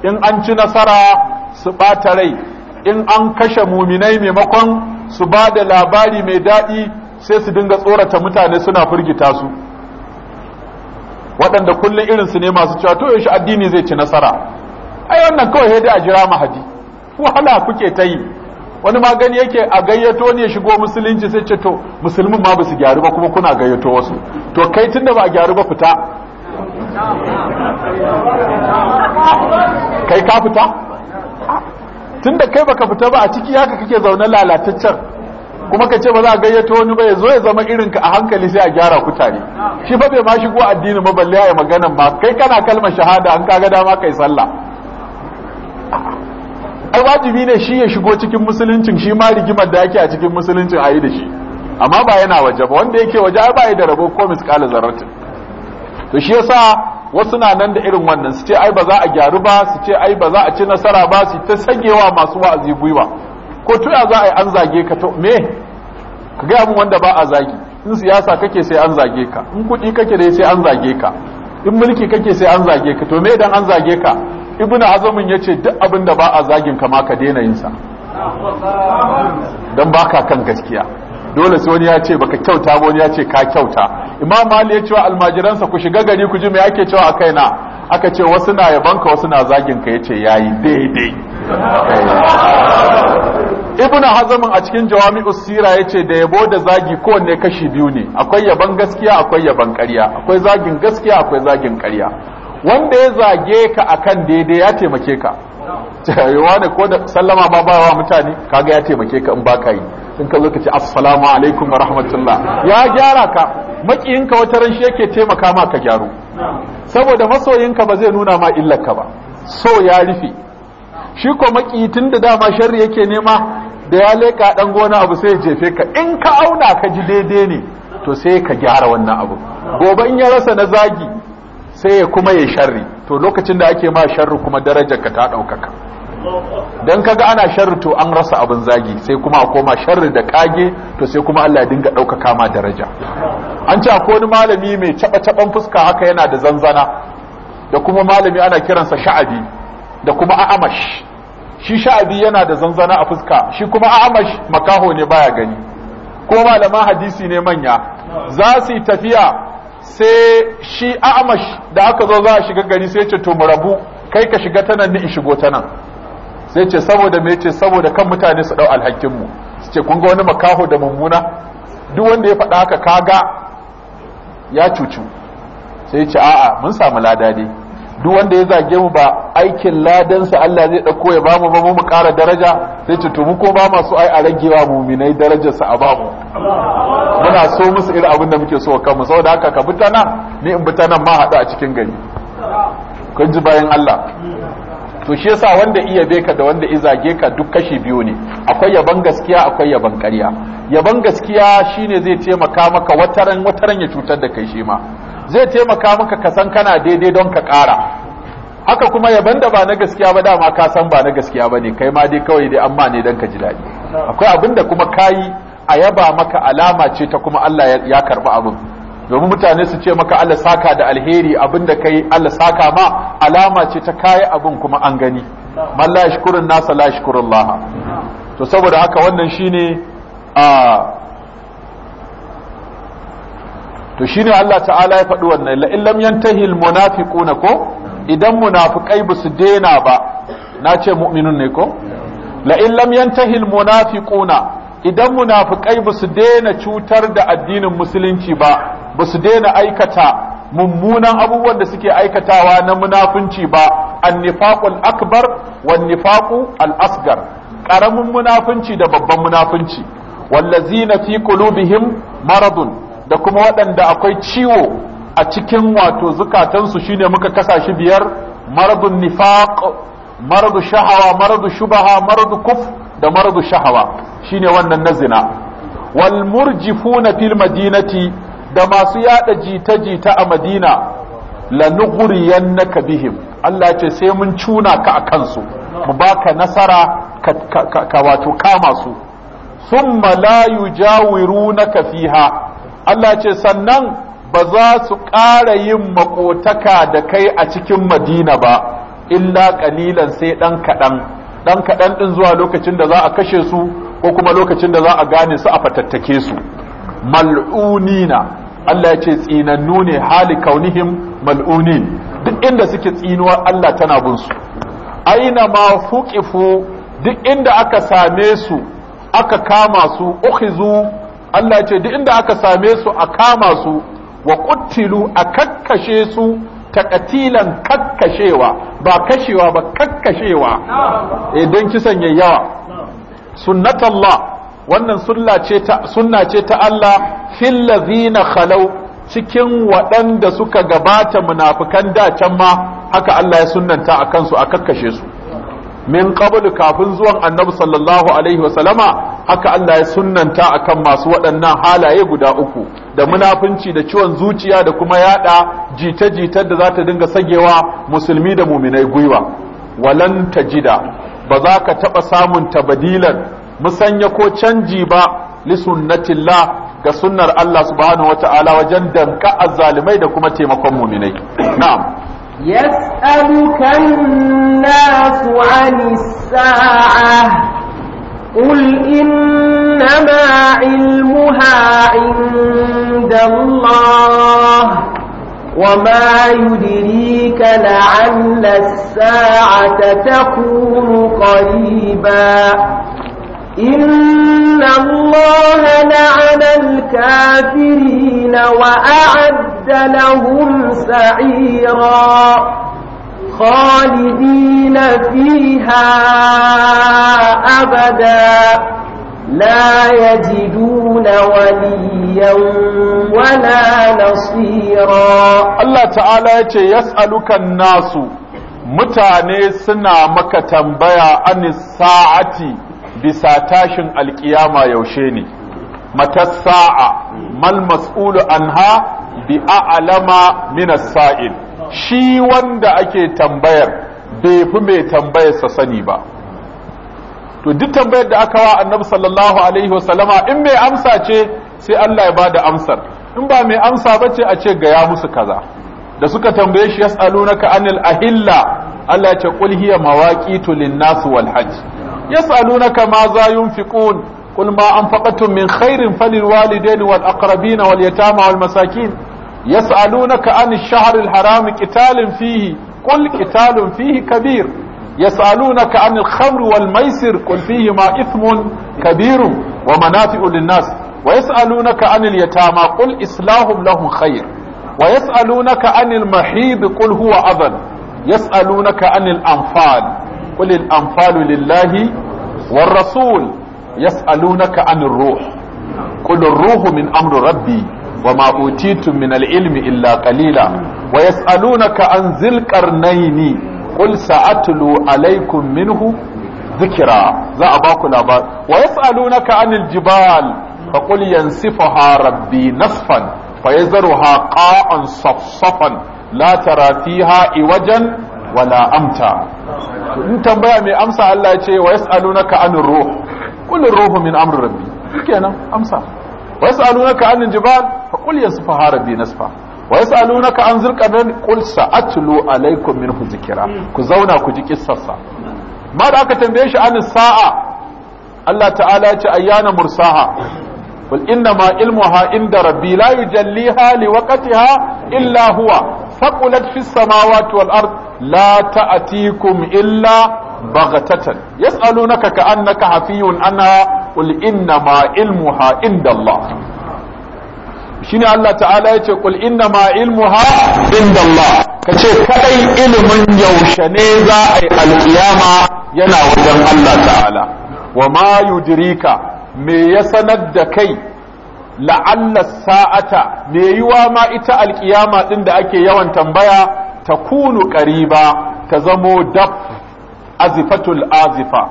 in an ci nasara su bata rai in an kashe muminai maimakon su ba da labari mai daɗi sai su dinga tsorata mutane suna firgita su waɗanda kullum irinsu ne masu cewa to yaushe addini zai ci nasara ai wannan kawai dai a jira mahadi wahala kuke ta yi wani magani yake a gayyato ne shigo musulunci sai ce to musulmin ma ba su gyaru ba kuma kuna gayyato wasu to kai tunda ba a gyaru ba fita kai ka fita tunda kai baka fita ba a ciki haka kake zaune lalataccen kuma ka ce ba za a gayyato wani ba ya zo ya zama irinka a hankali sai a gyara kutare shi fa bai ma shigo addini ma balle ya magana ba kai kana kalmar shahada an kaga dama kai sallah ai wajibi ne shi ya shigo cikin musuluncin shi ma rigimar da yake a cikin musuluncin ayi da shi amma ba yana waje ba wanda yake waje ba ya da rabo ko misqala zarratin to shi yasa wasu na nan da irin wannan su ce ai ba za a gyaru ba su ce ai ba za a ci nasara ba su ta sagewa masu wa'azi gwiwa ko ya za a yi an zage ka to me ka gaya min wanda ba a zagi in siyasa kake sai an zage ka in kudi kake dai sai an zage ka in mulki kake sai an zage ka to me idan an zage ka ibnu azamin yace duk abin da ba a zagin ka ma ka daina yin sa dan baka kan gaskiya dole sai wani ya ce baka kyauta ba wani ya ce ka kyauta imam mali ya cewa almajiransa ku shiga gari ku ji me ake cewa a kaina aka ce wasu na yabanka wasu na zagin ka yace yayi daidai eh. ibnu hazamin a cikin jawami'us sira yace da yabo da zagi ko ne kashi biyu ne akwai yaban gaskiya akwai yaban ƙarya akwai zagin gaskiya akwai zagin ƙarya wanda ya zage ka akan daidai ya taimake ka yawa *laughs* ne ko da sallama ba ba wa mutane kaga ya taimake ka in baka yi in ka zo ka ce assalamu alaikum wa rahmatullah ya gyara ka makiyinka wata ran shi yake taimaka ma ka gyaru saboda masoyinka ba zai nuna ma illarka ba so ya rufe shi ko makiyi tun da dama sharri yake nema da ya leka dan gona abu sai ya jefe ka in ka auna ka ji daidai ne to sai ka gyara wannan abu gobe in ya rasa na zagi sai ya kuma ya sharri to lokacin da ake ma sharri kuma darajar ka ta ɗaukaka don kaga ana sharri to an rasa abin zagi sai kuma a koma sharri da kage to sai kuma Allah ya dinga ɗaukaka kama daraja an ce akwai wani malami mai caɓa-caɓan fuska haka yana da zanzana da kuma malami ana kiransa sha'abi da kuma a'amash shi sha'abi yana da zanzana a fuska shi kuma a'amash makaho ne baya gani Ko malaman hadisi ne manya za su tafiya sai shi a'amash da aka zo za a shiga gari sai ce to mu rabu kai ka shiga ta nan ni in shigo ta nan sai ce saboda me ce saboda kan mutane su dau alhakin mu su ce kun ga wani makaho da mummuna duk wanda ya faɗa haka kaga ya cucu sai ce a'a mun samu lada ne duk wanda ya zage mu ba aikin ladansa Allah zai dauko ya bamu ba mu ƙara daraja sai ce to mu ko ba masu ai a ragewa muminai darajar sa a bamu muna so musu irin abin da muke so kanmu saboda haka ka bi tana ni in bi ta ma haɗu a cikin gari kun ji bayan Allah to shi yasa wanda iya beka da wanda izage ka duk kashi biyu ne akwai yaban gaskiya akwai yaban ƙarya yaban gaskiya shine zai taimaka maka wataran wataran ya cutar da kai shi ma zai taimaka maka ka san kana daidai don ka ƙara haka kuma yaban da ba na gaskiya ba dama ka san ba na gaskiya ba ne kai ma dai kawai dai amma ne dan ka ji daɗi akwai abin da kuma kayi a yaba maka alama ce ta kuma Allah ya karɓi abin domin mutane su ce maka Allah saka da alheri abinda kai Allah saka ma alama ce ta kayi abin kuma an gani man la yashkurun nasa la yashkurun to saboda haka wannan shine a to shine Allah ta'ala ya faɗi wannan la illam yantahi al munafiquna ko idan munafikai ba su dena ba na ce mu'minun ne ko la illam yantahi al munafiquna idan munafikai ba su daina cutar da addinin musulunci ba ba su daina aikata mummunan abubuwan da suke aikatawa na munafunci ba annifaqul akbar wan nifaqu al asgar karamin munafunci da babban munafunci wallazina fi qulubihim maradun da kuma waɗanda akwai ciwo a cikin wato zukatansu shine muka kasa shi biyar maradun nifaq maradu shahawa maradu shubaha maradu kuf da maradu shahawa shine wannan na zina wal murjifuna fil madinati da masu yada jita-jita a madina lanuguriyan na kabihim Allah ce sai mun cuna ka a kansu mu baka nasara ka wato kama su sun malayu jawiru na kafiha Allah ce sannan ba za su ƙara yin makotaka da kai a cikin madina ba illa ƙalilan sai ɗan kaɗan ɗan kaɗan ɗin zuwa lokacin da za a kashe su ko kuma lokacin da za a gane su a fatattake su mal'unina Allah ya ce tsinannu ne hali kaunihim mal'uni duk inda suke tsinuwa Allah tana bin su aina ma fuqifu duk inda aka same su aka kama su ukhizu Allah ya ce duk inda aka same su a kama su wa quttilu a kakkashe su takatilan kakkashewa ba kashewa ba kakkashewa idan eh, kisan yayi yawa sunnatallah wannan sunna ce ta Allah fil khalau cikin waɗanda suka gabata munafikan da can ma haka Allah ya sunnanta a kansu a kakkashe su min qablu kafin zuwan annabi sallallahu alaihi wasallama haka Allah ya sunnanta akan masu waɗannan halaye guda uku da munafunci da ciwon zuciya da kuma yada jita-jitar da za ta dinga sagewa musulmi da muminai gwiwa walan tajida ba za ka taɓa samun tabadilan musanya ko canji ba li sunnatillah ga sunnar Allah subhanahu wajen danka azzalimai da kuma taimakon muminai na'am يسألك الناس عن الساعة قل إنما علمها عند الله وما يدريك لعل الساعة تكون قريبا إن الله لعن الكافرين وأعد لهم سعيرا خالدين فيها أبدا لا يجدون وليا ولا نصيرا الله تعالى يسألك الناس متاني سنة مكة تنبيا عن الساعة bisa tashin alkiyama yaushe ne matassa'a mal mas'ulu anha bi a'lama min as-sa'il shi wanda ake tambayar bai fi mai tambayar sa sani ba to duk tambayar da aka wa annabi sallallahu alaihi wasallama in mai amsa ce sai Allah ya bada amsar in ba mai amsa bace a ce gaya musu kaza da suka tambaye shi yas'alunaka anil ahilla Allah ya ce qul hiya mawaqitu lin-nas wal hajj yas'alunaka ma za yunfiqun qul ma anfaqtum min khairin falil walidayni wal aqrabina wal yatama wal masakin yas'alunaka an ash-shahr al haram qitalun fihi qul qitalun fihi kabir yas'alunaka an al khamr wal maisir qul fihi ma ithmun kabir wa manafi'u lin nas wa yas'alunaka an al yatama qul islahum lahum khair wa yas'alunaka an ani mahib qul huwa adhan yas'alunaka an al anfal قل الأنفال لله والرسول يسألونك عن الروح قل الروح من أمر ربي وما أوتيتم من العلم إلا قليلا ويسألونك عن ذي القرنين قل سأتلو عليكم منه ذكرا ذا أباك الأباد ويسألونك عن الجبال فقل ينسفها ربي نصفا فيذرها قاعا صفصفا لا ترى فيها عوجا ولا أمتا in tambaya mai amsa Allah ce wa yas'alunaka anir ruh qul ruhu min amri rabbi kenan amsa wa yas'alunaka anil jibal fa qul yasfaha rabbi nasfa wa yas'alunaka an zilqadan qul sa'atlu alaykum minhu zikra ku zauna ku ji kissarsa ma da aka tambaye shi an sa'a Allah ta'ala ya ce ayyana mursaha qul inna ma ilmuha inda rabbi la yujalliha liwaqtiha illa huwa faqulat fis samawati wal ard la ta'tikum illa baghatatan yas'alunaka ka'annaka hafiyun ana qul inna ma ilmuha indallah shine Allah ta'ala yace qul inna ma ilmuha indallah kace kadai ilimin yaushe ne za a yi alƙiyama yana wajen Allah ta'ala wa ma yudrika me ya sanar da kai la'alla sa'ata me yiwa ma ita alkiyama din da ake yawan tambaya ta kunu ƙariba. ta zamo dab azifatul azifa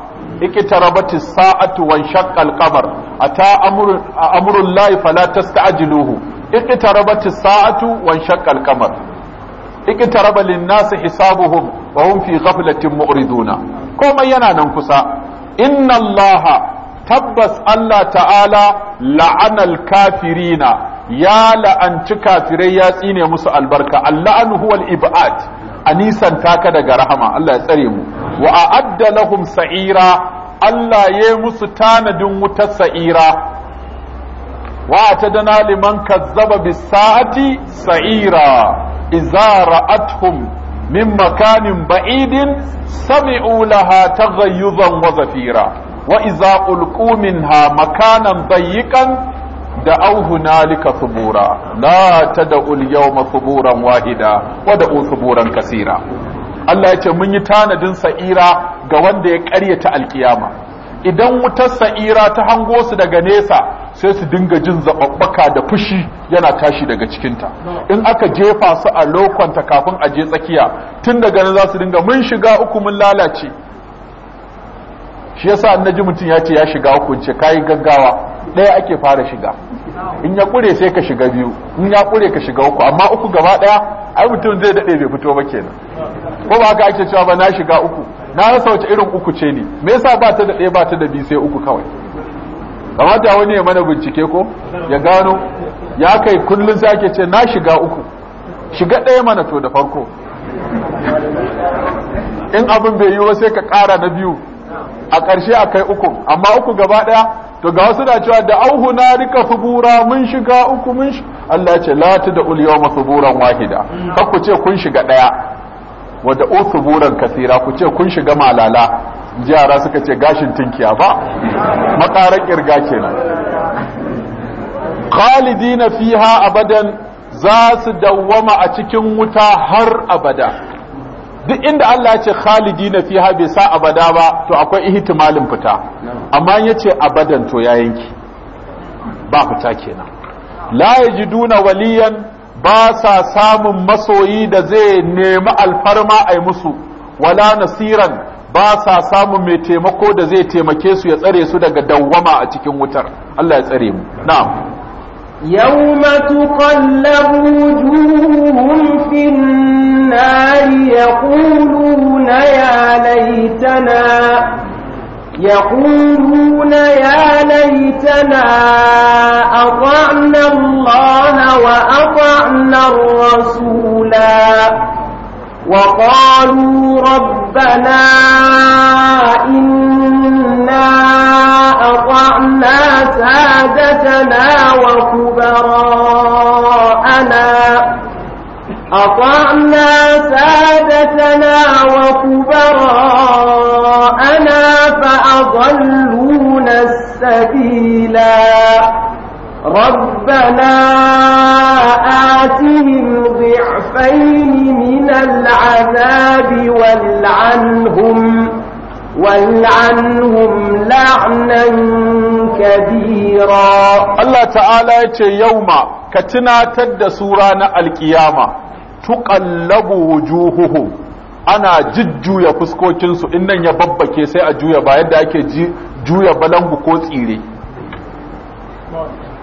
iqtarabat sa'atu wa shaqqa al-qamar ata amru amru llahi fala tasta'jiluhu iqtarabat sa'atu wa shaqqa qamar iqtaraba lin-nasi hisabuhum wa hum fi ghaflatin mu'riduna komai yana nan kusa inna allaha tabbas Allah ta'ala la'anal kafirina ya la'anci kafirai ya tsine musu albarka Allah huwal ibad anisan taka daga rahama Allah ya tsare mu wa a'adda lahum sa'ira Allah ya musu tanadin wutar sa'ira wa dana liman kazzaba bisati sa'ira idza ra'atuhum min makanin ba'idin sami'u laha taghayyuzan wa zafira wa iza ulqu minha makanan dayyiqan da au hunalika subura la tad'u al-yawma suburan wahida wa suburan kasira. Allah ya mun yi tanadin sa'ira ga wanda ya ƙaryata alkiyama idan wutar sa'ira ta hango su daga nesa sai su dinga jin zaɓaɓɓaka da fushi yana tashi daga cikinta in aka jefa su a lokanta kafin a je tsakiya tun daga nan za su dinga mun shiga uku mun lalace shi yasa an mutum ya ce ya shiga hukunci kayi gaggawa ɗaya ake fara shiga in ya ƙure sai ka shiga biyu in ya ƙure ka shiga uku amma uku gaba ɗaya ai mutum zai daɗe bai fito ba kenan ko ba haka ake cewa ba na shiga uku na rasa wace irin uku ce ne me yasa ba ta da ɗaya ba ta da biyu sai uku kawai kamata wani ya mana bincike ko ya gano ya kai kullum sai ake ce na shiga uku shiga ɗaya mana to da farko in abin bai yi ba sai ka ƙara na biyu a ƙarshe a kai uku amma uku gaba ɗaya to ga wasu na cewa da auhu na rika subura mun shiga uku mun shi Allah ce la ta da ul yawma suburan wahida Ba ku ce kun shiga ɗaya wadda o suburan kasira ku ce kun shiga malala yara suka ce gashin tunkiya ba makarar kirga kenan khalidina fiha abadan za su dawwama a cikin wuta har abada duk inda Allah ce Khalidi na fi bai sa abada ba to akwai ihtimalin fita amma ya ce abadan to ya yanki ba fita kenan la Duna waliyan ba sa samun masoyi da zai nemi alfarma ai musu wala nasiran ba sa samun mai taimako da zai taimake su ya tsare su daga dawwama a cikin wutar Allah ya tsare mu na'am yawma tuqallabu wujuhum fin النار يقولون يا ليتنا يقولون يا ليتنا أطعنا الله وأطعنا الرسولا وقالوا ربنا إنا أطعنا سادتنا وكبراءنا أطعنا سادتنا وكبراءنا فأضلون السبيلا ربنا آتهم ضعفين من العذاب والعنهم والعنهم لعنا كبيرا الله تعالى يوم كتنا تد سورة القيامة tuqallabu wujuhuhum ana jujjuya fuskokinsu in nan ya babbake sai a juya ba yadda ake juya balangu ko tsire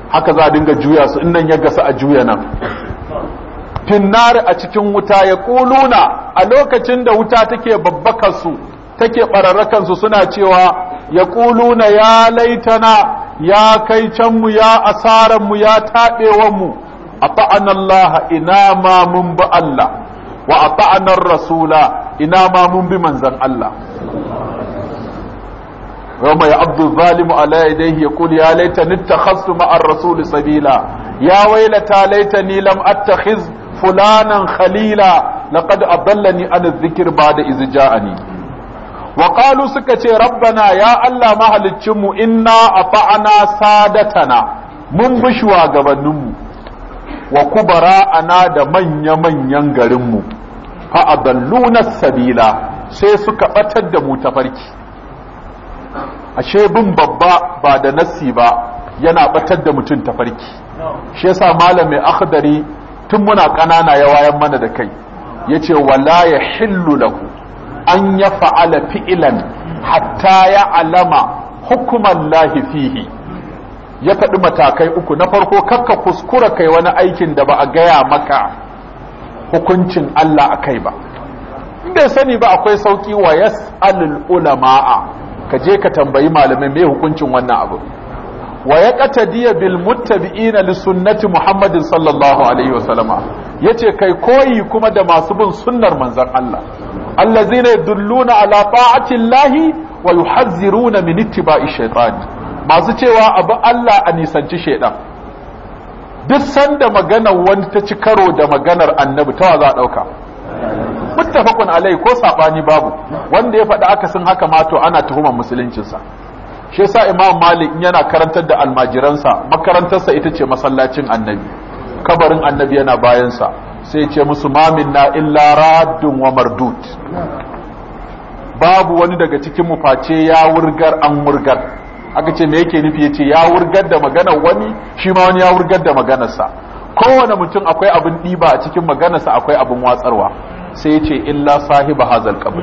haka za a dinga juya su in nan ya gasa a juya nan finnari a cikin wuta ya kuluna a lokacin da wuta take babbakarsu take su suna cewa ya kuluna ya laitana ya kai canmu ya asaranmu ya taɓewanmu ata'ana Allah ina ma mun bi Allah wa ata'ana rasula ina ma mun bi manzan Allah يوم يعض الظالم على يديه يقول يا ليتني اتخذت مع الرسول سبيلا يا ويلتى ليتني لم اتخذ فلانا خليلا لقد اضلني عن الذكر بعد اذ جاءني وقالوا سكتي ربنا يا الله ما هلتشم انا اطعنا سادتنا من بشوى غبنمو wa kubara ana da manya-manyan garinmu fa'adalluna sabila sai suka ɓatar da mu tafarki ashe bin babba ba da nassi ba yana ɓatar da mutum tafarki shi yasa malami akhdari tun muna ƙanana ya wayan mana da kai yace wala ya hillu lahu an ya fa'ala fi'ilan hatta ya alama hukuman lahi fihi ya faɗi matakai uku na farko kakka kuskura kai wani aikin da ba a gaya maka hukuncin Allah a kai ba in bai sani ba akwai sauki wa yas'alul ulama'a ka je ka tambayi malamai me hukuncin wannan abu wa ya qatadiya bil muttabi'ina li sunnati muhammadin sallallahu alaihi wa sallama yace kai koyi kuma da masu bin sunnar manzon Allah allazina yadulluna ala ta'ati llahi wa yuhazziruna min ittiba'i shaytan masu cewa abu Allah a nisanci shaidan duk sanda maganar wani ta ci karo da maganar annabi tawa za a ɗauka muttafaqun alai ko saɓani babu wanda ya faɗi akasin haka ma to ana tuhumar musuluncinsa shi yasa imam malik yana karantar da almajiransa makarantarsa ita ce masallacin annabi kabarin annabi yana bayansa sai ce musu mamin na illa raddun wa mardud babu wani daga cikin mu face ya wurgar an wurgar aka ce me yake nufi yace ya wurgar da magana wani shi ma wani ya wurgar da maganarsa kowane mutum akwai abin ɗiba a cikin maganarsa akwai abin watsarwa sai yace ce illa sahiba hazal qabr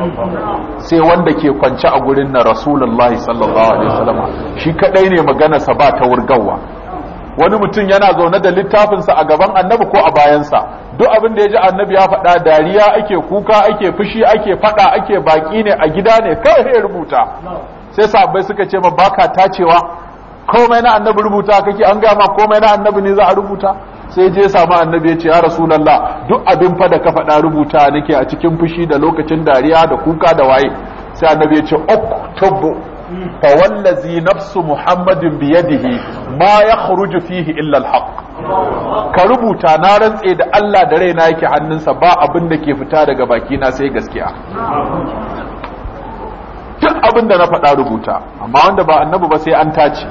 sai wanda ke kwance a gurin na rasulullahi sallallahu alaihi wasallam shi kadai ne maganarsa ba ta wurgarwa wani mutum yana zaune da littafinsa a gaban annabi ko a bayansa duk abin da ya ji annabi ya faɗa dariya ake kuka ake fushi ake faɗa ake baƙi ne a gida ne kawai ya rubuta sai sahabbai suka ce ma baka tacewa komai na annabi rubuta kake an gama komai na annabi ne za a rubuta sai je samu annabi ya ce ya rasulullah duk abin fa da ka faɗa rubuta nake a cikin fushi da lokacin dariya da kuka da waye sai annabi ya ce oktobo fa wallazi nafsu muhammadin yadihi ma yakhruju fihi illa alhaq ka rubuta na rantse da Allah da raina yake hannunsa ba abin da ke fita daga baki na sai gaskiya duk abin da na faɗa rubuta amma wanda ba annabi ba sai an tace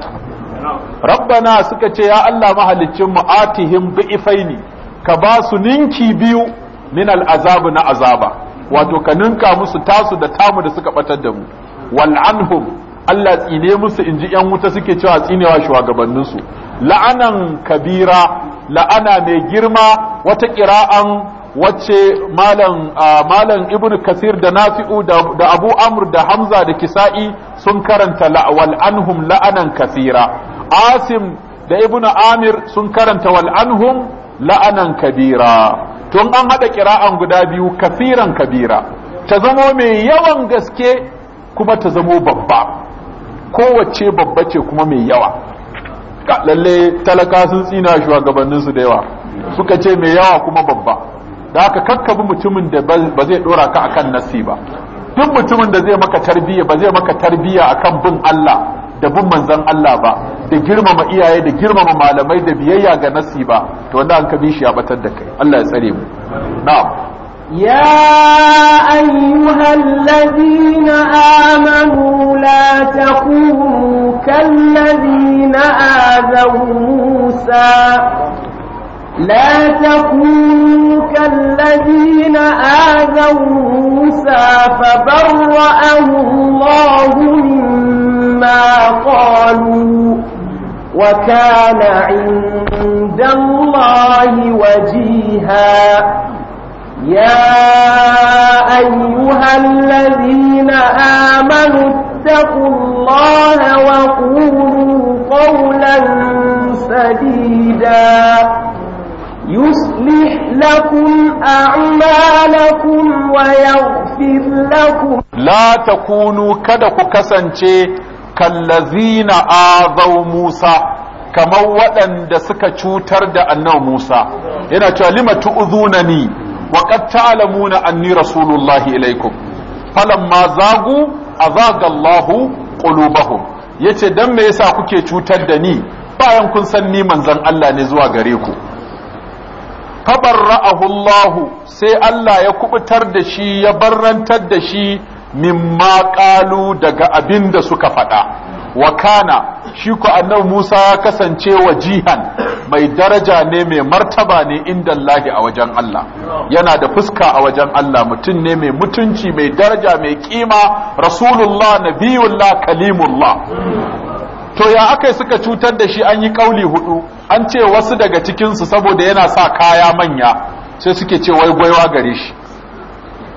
rabbana suka ce ya Allah mahalicin mu atihim bi'ifaini ka ba su ninki biyu min al'azabu na azaba wato ka ninka musu tasu da tamu da suka batar da mu wal anhum Allah tsine musu inji yan wuta suke cewa tsinewa shugabannin su la'anan kabira la'ana mai girma wata kira'an wacce malam malam ibnu kasir da nafi'u da abu amr da hamza da kisa'i sun karanta la'wal anhum la'anan kasira asim da ibnu amir sun karanta wal anhum la'anan kabira tun an haɗa kira'an guda biyu kasiran kabira ta zamo mai yawan gaske kuma ta zamo babba kowace babba ce kuma mai yawa lalle talaka sun tsina shugabanninsu da yawa suka ce mai yawa kuma babba da haka kakkabi mutumin da ba zai dora ka akan nasi ba duk mutumin da zai maka tarbiyya ba zai maka tarbiyya akan bin Allah da bin manzon Allah ba da girmama iyaye da girmama malamai da biyayya ga nasi ba to wanda an kabi shi ya batar da kai Allah ya tsare mu na'am ya ayyuhal ladina amanu la takunu kal ladina azaw musa لا تكونوا كالذين آذوا موسى فبرأه الله مما قالوا وكان عند الله وجيها يا أيها الذين آمنوا اتقوا الله وقولوا قولا سديدا la ta kunu kada ku kasance kallazina a a'za musa kamar waɗanda suka cutar da annan musa yana cewa lima ni wa ƙatta alamu na an ni rasulun lahi ilaikun falon ma zagu a zagan lahu ƙulubahu ya ce don me ya sa kuke cutar da ni bayan kun san ni manzan Allah ne zuwa gare ku fabarra'ahu Allah sai Allah ya kubutar da shi ya barrantar da shi mimma qalu daga abin da suka faɗa wa kana shi ku annabi Musa ya kasance wa jihan, mai daraja ne mai martaba ne inda Allah a wajen Allah yana da fuska a wajen Allah mutum ne mai mutunci mai daraja mai kima rasulullah nabiyullah kalimullah to ya akai suka cutar da shi an yi kauli hudu an ce wasu daga cikinsu saboda yana sa kaya manya sai suke ce wai gwaiwa gare shi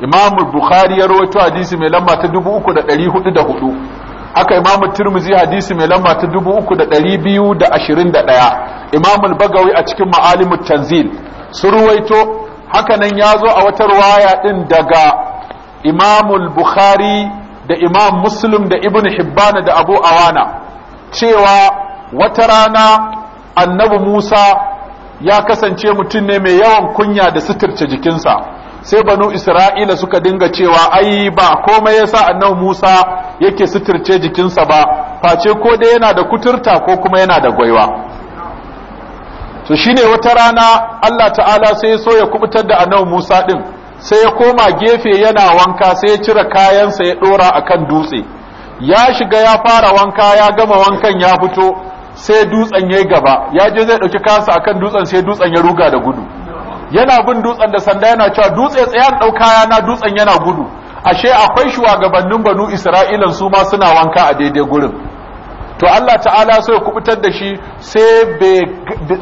imamu bukhari ya rawaito hadisi mai lamba ta 3404 haka imamu Turmuzi hadisi mai lamba ta 3221 imamu bagawi a cikin ma'alimu tanzil su ruwaito hakanan ya zo a wata ruwaya din daga imamu bukhari da imam muslim da ibn hibbana da abu awana cewa wata rana annabi Musa ya kasance mutum ne mai yawan kunya da suturce jikinsa sai banu Isra'ila suka dinga cewa ai ba komai yasa annabi Musa yake suturce jikinsa ba face ko dai yana da kuturta ko kuma yana da gwaiwa to shine wata rana Allah ta'ala sai ya so ya kubutar da annabi Musa din sai ya koma gefe yana wanka sai ya cire kayansa ya dora akan dutse ya shiga ya fara wanka ya gama wankan ya fito sai dutsen ya gaba ya je zai ɗauki kansa akan dutsen sai dutsen ya ruga da gudu yana bin dutsen da sanda yana cewa dutse tsaye ɗau ɗauka na dutsen yana gudu ashe akwai shugabannin banu isra'ilan su ma suna wanka a daidai gurin to Allah ta'ala sai kubutar da shi sai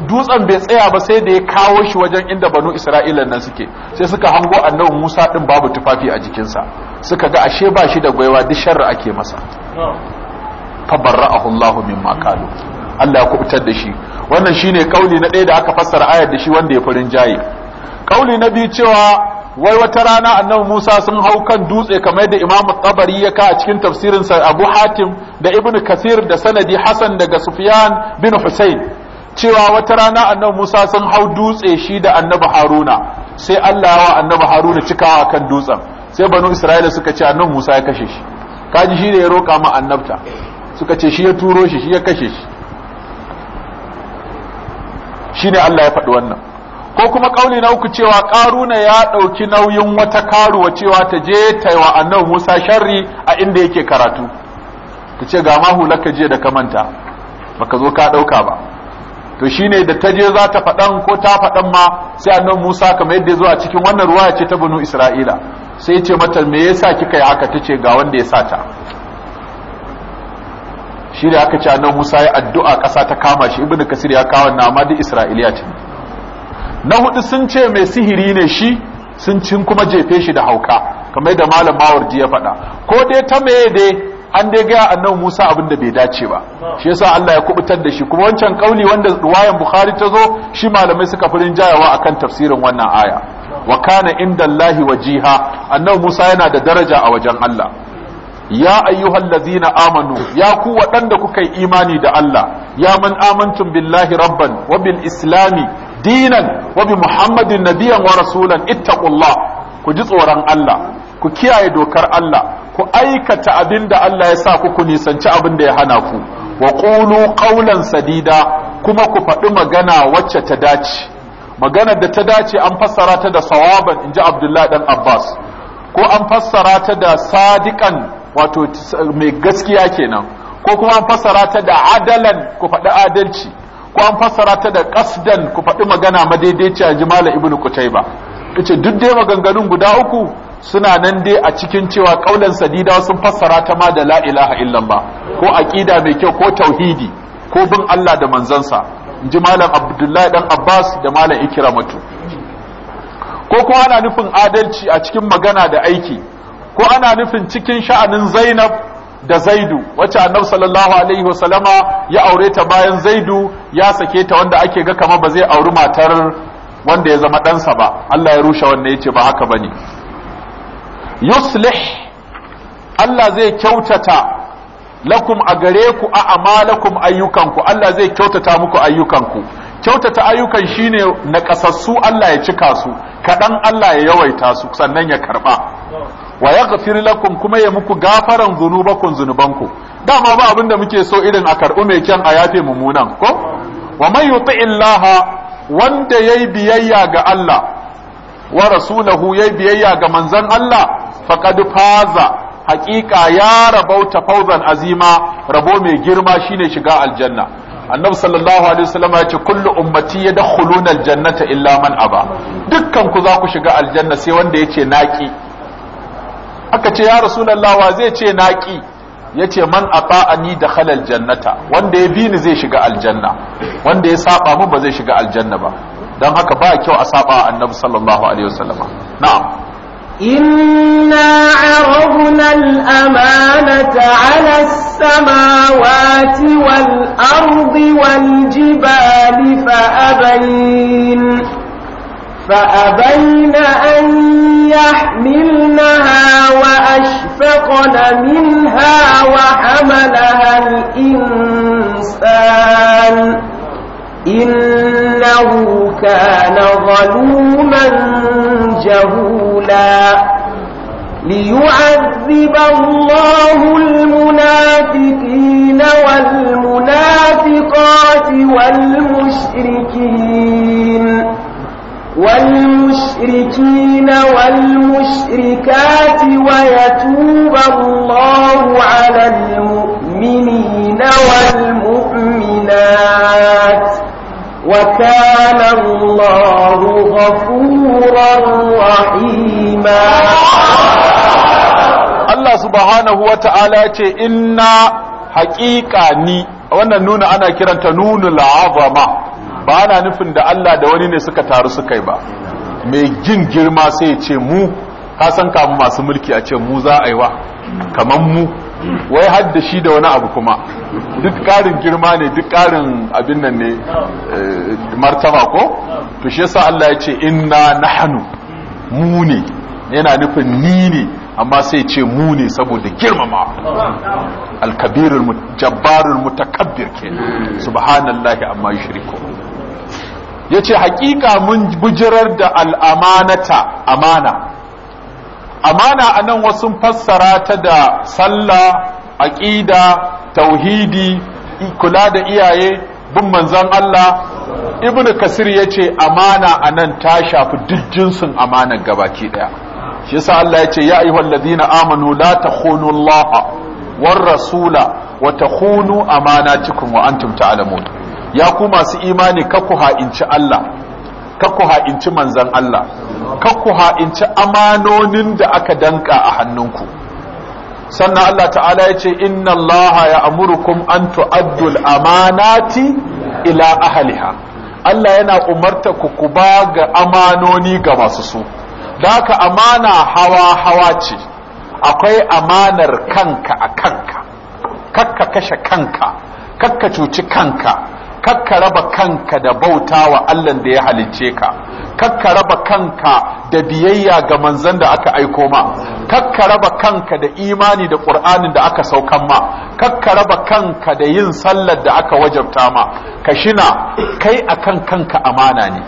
dutsen bai tsaya ba sai da ya kawo shi wajen inda banu isra'ilan nan suke sai suka hango annabi musa din babu tufafi a jikinsa suka ga ashe ba shi da gwaiwa duk sharri ake masa fa barra'ahu Allah mimma qalu Allah ya kubutar da shi wannan shine kauli na ɗaya da aka fassara ayar da shi wanda ya farin jaye kauli na biyu cewa wai wata rana annabi Musa sun hau kan dutse kamar da Imam Tabari ya ka a cikin tafsirin sa Abu Hatim da Ibn Kasir da sanadi Hasan daga Sufyan bin Husayn cewa wata rana annabi Musa sun hau dutse shi da annabi Haruna sai Allah ya wa annabi Haruna cikawa kan dutsen sai banu Isra'ila suka ce annabi Musa ya kashe shi kaji shi ne ya roƙa ma annabta suka ce shi ya turo shi shi ya kashe shi shine Allah ya faɗi wannan ko kuma kauli na uku cewa karuna ya ɗauki nauyin wata karuwa cewa ta je ta wa annabi Musa sharri a inda yake karatu ta ce ga ma hulaka je da kamanta baka zo ka ɗauka ba to shine da ta je za ta faɗan ko ta faɗan ma sai annabi Musa kamar yadda ya zo a cikin wannan ruwaya ce ta banu Isra'ila sai ya ce mata me yasa kika yi haka tace ga wanda ya sata shi da aka ce annan musa ya addu'a ƙasa ta kama shi ibn kasir ya kawo na ma duk isra'iliya ce na hudu sun ce mai sihiri ne shi sun cin kuma jefe shi da hauka kamar yadda malam mawardi ya faɗa ko dai ta meye dai an dai gaya annabi Musa abin da bai dace ba shi yasa Allah ya kubutar da shi kuma wancan kauli wanda ruwayan Bukhari ta zo shi malamai suka furin jayawa akan tafsirin wannan aya wa kana inda Allahi wajiha annabi Musa yana da daraja a wajen Allah ya ayyuhallazina amanu ya ku waɗanda kuka yi imani da Allah ya man amantum billahi rabban wa bil islami dinan wa bi muhammadin nabiyan wa rasulan ittaqullah ku ji tsoron Allah ku kiyaye dokar Allah ku aikata abin da Allah ya sa ku ku nisanci abin da ya hana ku wa qulu qawlan sadida kuma ku faɗi magana wacce ta dace maganar da ta dace an fassara ta da sawaban inji Abdullahi dan Abbas ko an fassara ta da sadiƙan. wato mai gaskiya kenan ko kuma an fassara ta da adalan ku faɗi adalci ko an fassara ta da qasdan ku faɗi magana madaidaici a jimala ibnu kutaiba yace duk dai maganganun guda uku suna nan dai a cikin cewa kaulan sadida sun fassara ta ma da la ilaha illallah ko aqida mai kyau ko tauhidi ko bin Allah da manzansa inji malam abdullahi dan abbas da malam ikramatu ko kuma ana nufin adalci a cikin magana da aiki ko ana nufin cikin sha'anin Zainab da Zaidu wacce Annabi sallallahu alaihi wasallama ya aure ta bayan Zaidu ya sake ta wanda ake ga kamar ba zai auri matar wanda ya zama ɗansa ba Allah ya rushe wannan yace ba haka bane yuslih Allah zai kyautata lakum a gare ku a amalakum ayyukanku Allah zai kyautata muku ayyukan ku. kyautata ayyukan shine na kasassu Allah ya cika su kaɗan Allah ya yawaita su sannan ya karɓa wa ya yaghfir lakum kuma ya muku gafaran zunubakun zunubanku dama ba abin da muke so irin a karɓi mai kyan a yafe mummunan ko wa man yuti illaha wanda yayi biyayya ga Allah wa rasulahu yayi biyayya ga manzon Allah faqad faza haƙiƙa ya rabauta fauzan azima rabo mai girma shine shiga aljanna annabi sallallahu alaihi wasallam ya ce kullu ummati yadkhuluna aljannata illa man aba dukkan ku za ku shiga aljanna sai wanda yace naki aka ce ya rasulullah wa zai ce naki yace man ata'ani da halal jannata wanda ya bi ni zai shiga aljanna wanda ya saba mu ba zai shiga aljanna ba Don haka ba kyau a saba annabi sallallahu alaihi wasallama na'am إنا عرضنا الأمانة على السماوات والأرض والجبال فأبين فأبين أن يحملنا خَلَقَنَا مِنْهَا وَحَمَلَهَا الْإِنْسَانُ إِنَّهُ كَانَ ظَلُومًا جَهُولًا ليعذب الله المنافقين والمنافقات والمشركين والمشركين والمشركات ويتوب الله على المؤمنين والمؤمنات وكان الله غفورا رحيما Allah subhanahu wa ta'ala ce, Inna haƙiƙa ni, wannan nuna ana kiranta nunu azama ba na nufin da Allah da wani ne suka taru suka yi ba mai gin girma sai ya ce mu ka san kamu masu mulki a ce mu za a yi wa kamar mu wai hadda shi da wani abu kuma duk ƙarin girma ne duk karin abin nan ne eh, martaba ko to shi yasa Allah ya ce inna nahnu mu ne yana nufin ni ne amma sai ce mu ne saboda girmama alkabirul jabbarul mutakabbir kenan subhanallahi amma yushriku ya ce haƙiƙa mun bujirar da al'amanata amana amana a nan wasu fassara ta da sallah aƙida tauhidi kula da iyaye bin manzan Allah ibn kasir ya ce amana a nan ta shafi duk jinsin amanar gabaki ɗaya shi yasa Allah ya ce ya yi wallazi na amanu la ta Allah war rasula wa ta amana cikin wa antum ta'lamun ya ku masu imani kakku ha'inci Allah kakku ha'inci manzan Allah kakku ha'inci amanonin da aka danka a hannunku sannan Allah ta'ala ya ce inna Allah ya amurukum an tu'addul amanati ila ahliha Allah yana umarta ku ku ba ga amanoni ga masu su da amana hawa hawa ce akwai amanar kanka a kanka kakka kashe kanka kakka cuci kanka kakka raba kanka da bauta wa Allah da ya halicce ka kakka raba kanka da biyayya ga manzan da aka aiko ma kakka raba kanka da imani da qur'anin da aka saukan ma kakka raba kanka da yin sallar da aka wajabta ma ka shina kai akan kanka amana ne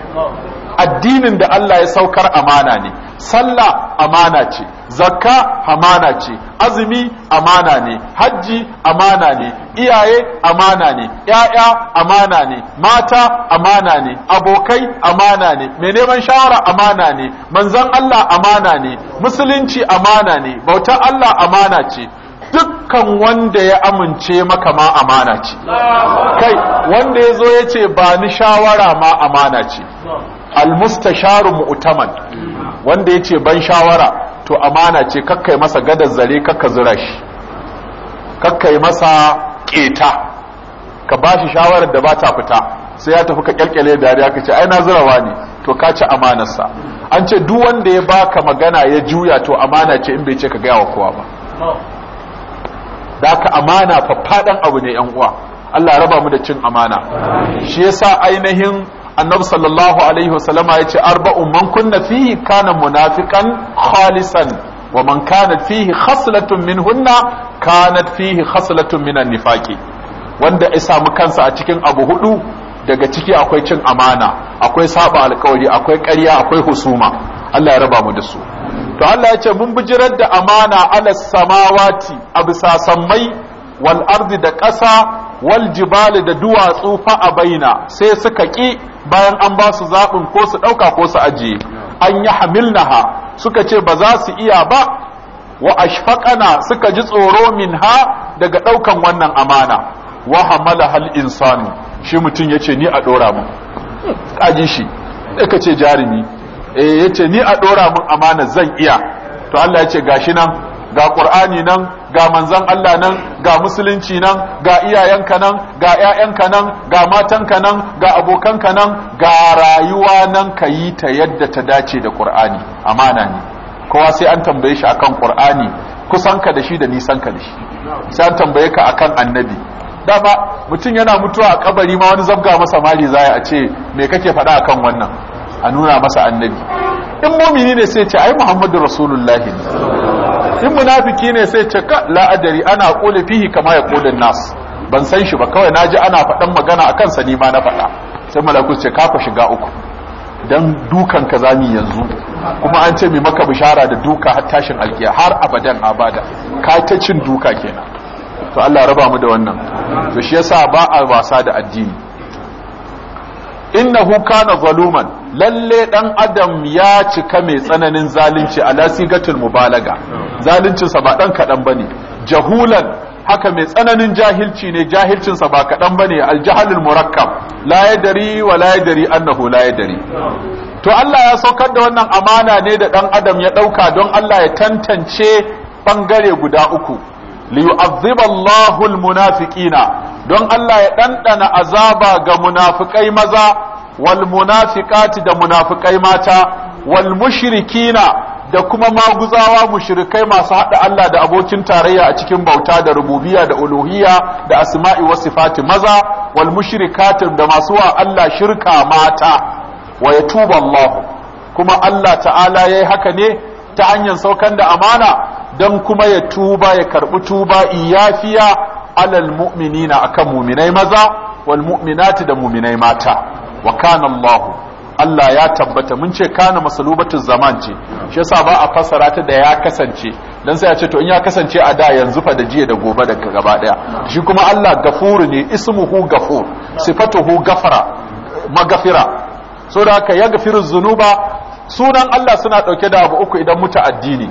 addinin da Allah ya saukar amana ne sallah amana ce zakka amana ce azumi amana ne hajji amana ne iyaye amana ne ya'ya amana ne mata amana ne abokai amana ne mai neman shawara amana ne manzon Allah amana ne musulunci amana ne bautar Allah amana ce dukkan wanda ya amince maka ma amana ce kai wanda ya zo ya ce ba ni shawara ma amana ce almustasharu mu'taman wanda yace ban shawara to amana ce kakkai masa gadar zare kakka zura shi kakkai masa keta ka bashi shawarar da bata fita sai ya tafi ka kyalkyale da dariya kace ce ai na zurawa ne to ka ci amanarsa an ce duk wanda ya baka magana ya juya to amana ce in bai ce ka gaya wa kowa ba daka ka amana faffaɗan abu ne yan uwa Allah raba mu da cin amana shi yasa ainihin annabi sallallahu alaihi wasallama ya ce arba'un man kunna fihi kana munafiqan khalisan wa man kana fihi khaslatun minhunna kanat fihi khaslatun minan nifaqi wanda ya samu kansa a cikin abu hudu daga ciki akwai cin amana akwai saba alkawari akwai ƙarya akwai husuma Allah ya raba mu da su to Allah ya ce mun bijirar da amana ala samawati a bisa sammai wal ardi da ƙasa wal jibali da duwatsu fa a baina sai suka ƙi bayan an ba su zaɓin ko su ɗauka ko su ajiye an yi hamilnaha suka ce ba za su iya ba wa ashfaqana suka ji tsoro minha daga ɗaukan wannan amana wa hamala hal insanu shi mutum ya ce ni a ɗora mu ƙaji shi ka ce jarumi eh yace ni a ɗora mun amana zan iya to Allah ya ce gashi nan ga qur'ani nan ga manzon Allah nan ga musulunci nan ga iyayenka nan ga ƴaƴanka nan ga matanka nan ga abokanka nan ga rayuwa nan ka yi ta yadda ta dace da qur'ani amana ne kowa sai an tambaye shi akan qur'ani ka da shi da nisan ka da shi sai an tambaye ka akan annabi dama mutum yana mutuwa a kabari ma wani zabga masa mali zai a ce me kake faɗa akan wannan a nuna masa annabi in mumini ne sai ce ai muhammadu rasulullahi ne in munafiki ne sai ce ka la ana qulu fihi kama ya yaqulu nas ban san shi ba kawai naji ana faɗan magana akan sa ni ma na faɗa sai malaku ce ka shiga uku dan dukan ka zami yanzu kuma an ce mai maka bishara da duka har tashin alkiya har abadan abada ka ta cin duka kenan to Allah raba mu da wannan to shi yasa ba a wasa da addini innahu kana zaluman lalle dan adam ya cika mai tsananin zalunci ala sigatul mubalaga zaluncinsa sa ba dan kadan bane jahulan haka mai tsananin jahilci ne jahilcin ba kadan bane aljahalul murakkab la yadri wa la yadri annahu la yadri to Allah ya saukar da wannan amana ne da dan adam ya dauka don Allah ya tantance bangare guda uku liyu'adhib Allahu almunafiqina don Allah ya dandana azaba ga munafikai maza wal munafiqati da munafikai mata wal mushrikina da kuma maguzawa mushrikai masu haɗa Allah da abokin tarayya a cikin bauta da rububiya da uluhiyya da asma'i wa sifati maza wal mushrikatin da masu wa Allah shirka mata wa yatubu Allah kuma Allah ta'ala yayi haka ne ta hanyar saukan da amana don kuma ya tuba ya karbi tuba iyafiya alal mu'minina akan muminai maza wal mu'minati da muminai mata wa kana Allah Allah ya tabbata mun ce kana masalubatu zaman ce shi yasa ba a fassara ta da ya kasance dan sai a ce to in ya kasance a da yanzu fa da jiya da gobe da gaba daya shi kuma Allah gafuru ne ismuhu gafur sifatuhu gafara magafira so da haka ya gafiru zunuba sunan Allah suna ɗauke da abu uku idan muta addini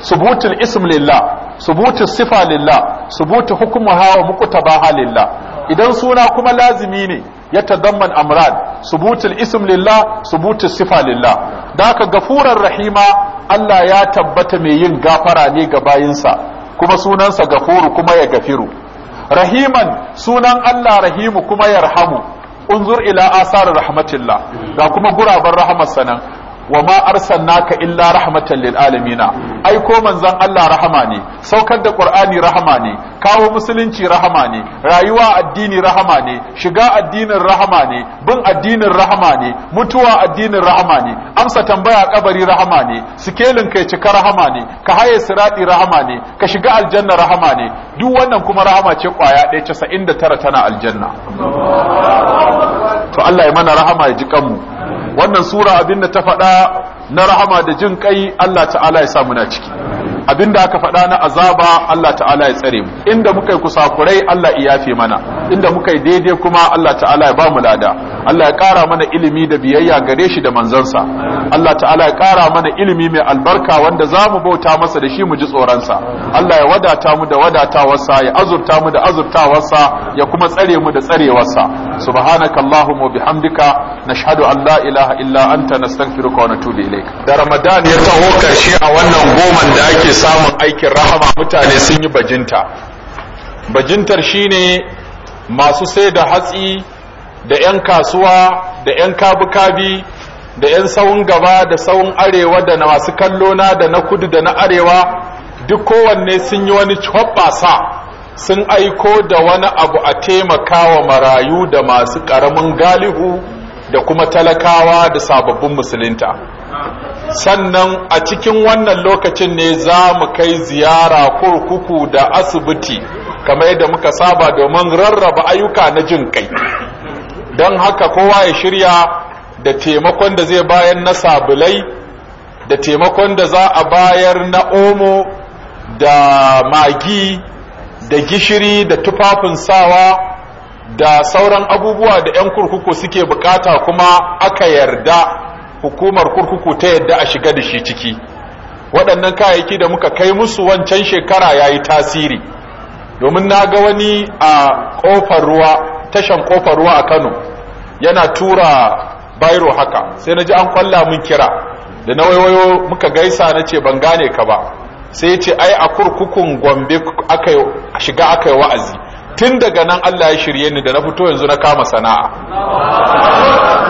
subutul ism lillah subutul sifa lillah subutul hukumu hawa muqtabaha lillah idan suna kuma lazimi ne ya tadamman amrad subutul ism lillah subutul sifa lillah da haka gafurar rahima Allah ya tabbata mai yin gafara ne ga bayinsa kuma sunansa gafuru kuma ya gafiru rahiman sunan Allah rahimu kuma yarhamu unzur ila asar rahmatillah ga kuma guraban rahamarsa sanan. wa ma arsalnaka illa rahmatan lil alamina aiko manzon Allah rahama ne saukar da qur'ani rahama ne kawo musulunci rahama ne rayuwa addini rahama ne shiga addinin rahama ne bin addinin rahama ne mutuwa addinin rahama ne amsa tambaya kabari rahama ne sikelin kai cika rahama ne ka haye sirati rahama ne ka shiga aljanna rahama ne duk wannan kuma rahama ce kwaya ɗaya tara tana aljanna to Allah ya mana rahama ya ji kanmu wannan sura abin da ta faɗa na rahama da jin kai Allah ta'ala ya sa muna ciki abinda aka faɗa na azaba Allah ta'ala ya tsare mu inda muka yi kusakurai Allah ya yafe mana inda muka yi daidai kuma Allah ta'ala ya ba mu lada Allah ya ƙara mana ilimi da biyayya gare shi da manzansa Allah ta'ala ya ƙara mana ilimi mai albarka wanda za mu bauta masa da shi mu ji tsoronsa Allah ya wadata mu da wadatawarsa ya azurta mu da azurtawarsa ya kuma tsare mu da tsarewarsa subhanakallahumma bihamdika nashhadu an la ilaha illa anta nastaghfiruka wa natubu ne da ramadan ya taho karshe a wannan goman da ake samun aikin rahama mutane sun yi bajinta bajintar shine masu sai da hatsi da 'yan kasuwa da 'yan kabi da 'yan tsawon gaba da tsawon arewa da na masu kallona da na kudu da na arewa duk kowanne sun yi wani hoɓɓasa sun aiko da wani abu a taimaka wa marayu da masu ƙaramin galihu da kuma talakawa da sababbin musulunta sannan a cikin wannan lokacin ne za mu kai ziyara kurkuku da asibiti kamar yadda muka saba domin rarraba ayyuka na jin kai don haka kowa ya shirya da taimakon da zai bayan na sabulai da taimakon da za a bayar na omo da magi da gishiri da tufafin sawa da sauran abubuwa da 'yan kurkuku suke bukata kuma aka yarda hukumar kurkuku ta yadda a shiga da shi ciki waɗannan kayayyaki da muka kai musu wancan shekara ya yi tasiri domin na ga wani a ƙofar ruwa tashan ƙofar ruwa a kano yana tura bairo haka sai na ji an kwalla mun kira da na waiwayo muka gaisa na ce ban gane ka ba sai ce ai a kurkukun gombe aka shiga aka yi wa'azi tun daga nan Allah ya shirye ni da na fito yanzu na kama sana'a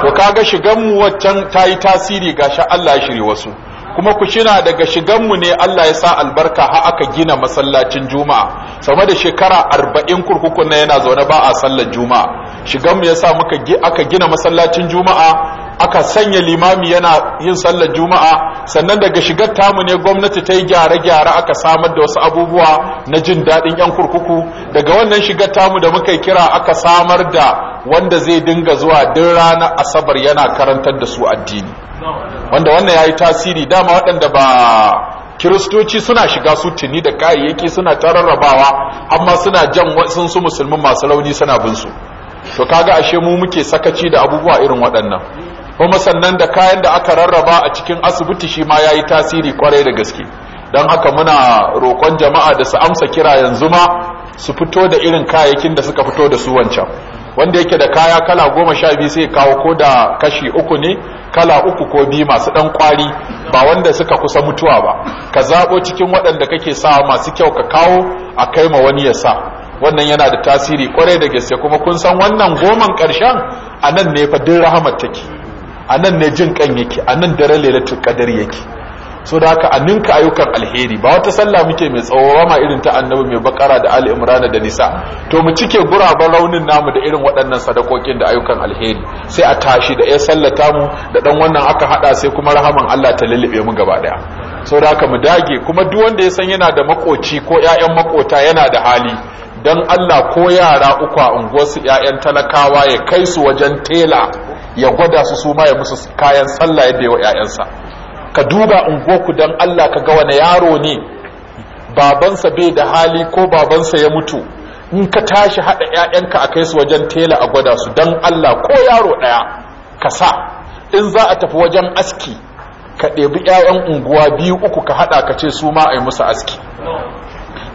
to kaga shigan mu waccan tayi tasiri gashi Allah ya shirye wasu kuma ku shina daga shigan mu ne Allah ya sa albarka har aka gina masallacin juma'a sama da shekara 40 kurkukun na yana zaune ba a sallar juma'a shigan mu yasa muka aka gina masallacin juma'a aka sanya limami yana yin sallar juma'a sannan daga shigar tamu ne gwamnati ta yi gyare-gyare aka samar da wasu abubuwa na jin daɗin 'yan kurkuku daga wannan shigar tamu da muka kira aka samar da wanda zai dinga zuwa duk ranar asabar yana karantar da su addini wanda wannan ya yi tasiri dama waɗanda ba kiristoci suna shiga su tuni da kayayyaki suna tararrabawa amma suna jan sun su musulmin masu launi suna bin su to kaga ashe mu muke sakaci da abubuwa irin waɗannan kuma sannan da kayan da aka rarraba a cikin asibiti shi ma yi tasiri kwarai da gaske don haka muna roƙon jama'a da su amsa kira yanzu ma su fito da irin kayayyakin da suka fito da su wancan wanda yake da kaya kala goma sha biyu sai kawo ko da kashi uku ne kala uku ko biyu masu ɗan kwari ba wanda suka kusa mutuwa ba ka zaɓo cikin waɗanda kake sa masu kyau ka kawo a kai ma wani ya sa wannan yana da tasiri kwarai da gaske kuma kun san wannan goman ƙarshen a nan ne fa duk rahamar take a nan ne jin kan yake a nan dare lailatul qadar yake so da haka a ninka ayyukan alheri ba wata sallah muke mai tsawo ma irin ta annabi mai bakara da ali imrana da nisa to mu cike guraben raunin namu da irin waɗannan sadakokin da ayyukan alheri sai a tashi da ya sallata mu da dan wannan aka hada sai kuma rahaman Allah ta lullube mu gaba daya so da haka mu dage kuma duk wanda ya san yana da makoci ko ƴaƴan makota yana da hali don Allah ko yara uku a su ƴaƴan talakawa ya kai su wajen tela ya gwada su su ma ya musu kayan sallah yadda wa ƴaƴansa, ka duba unguwarku don Allah ka ga wani yaro ne babansa bai da hali ko babansa ya mutu in ka tashi haɗa ‘ya'yanka a kai su wajen tela a gwada su don Allah ko yaro ɗaya ka sa in za a tafi wajen aski ka ɗebi ƴaƴan unguwa biyu uku ka haɗa ka ce su ma a yi musu aski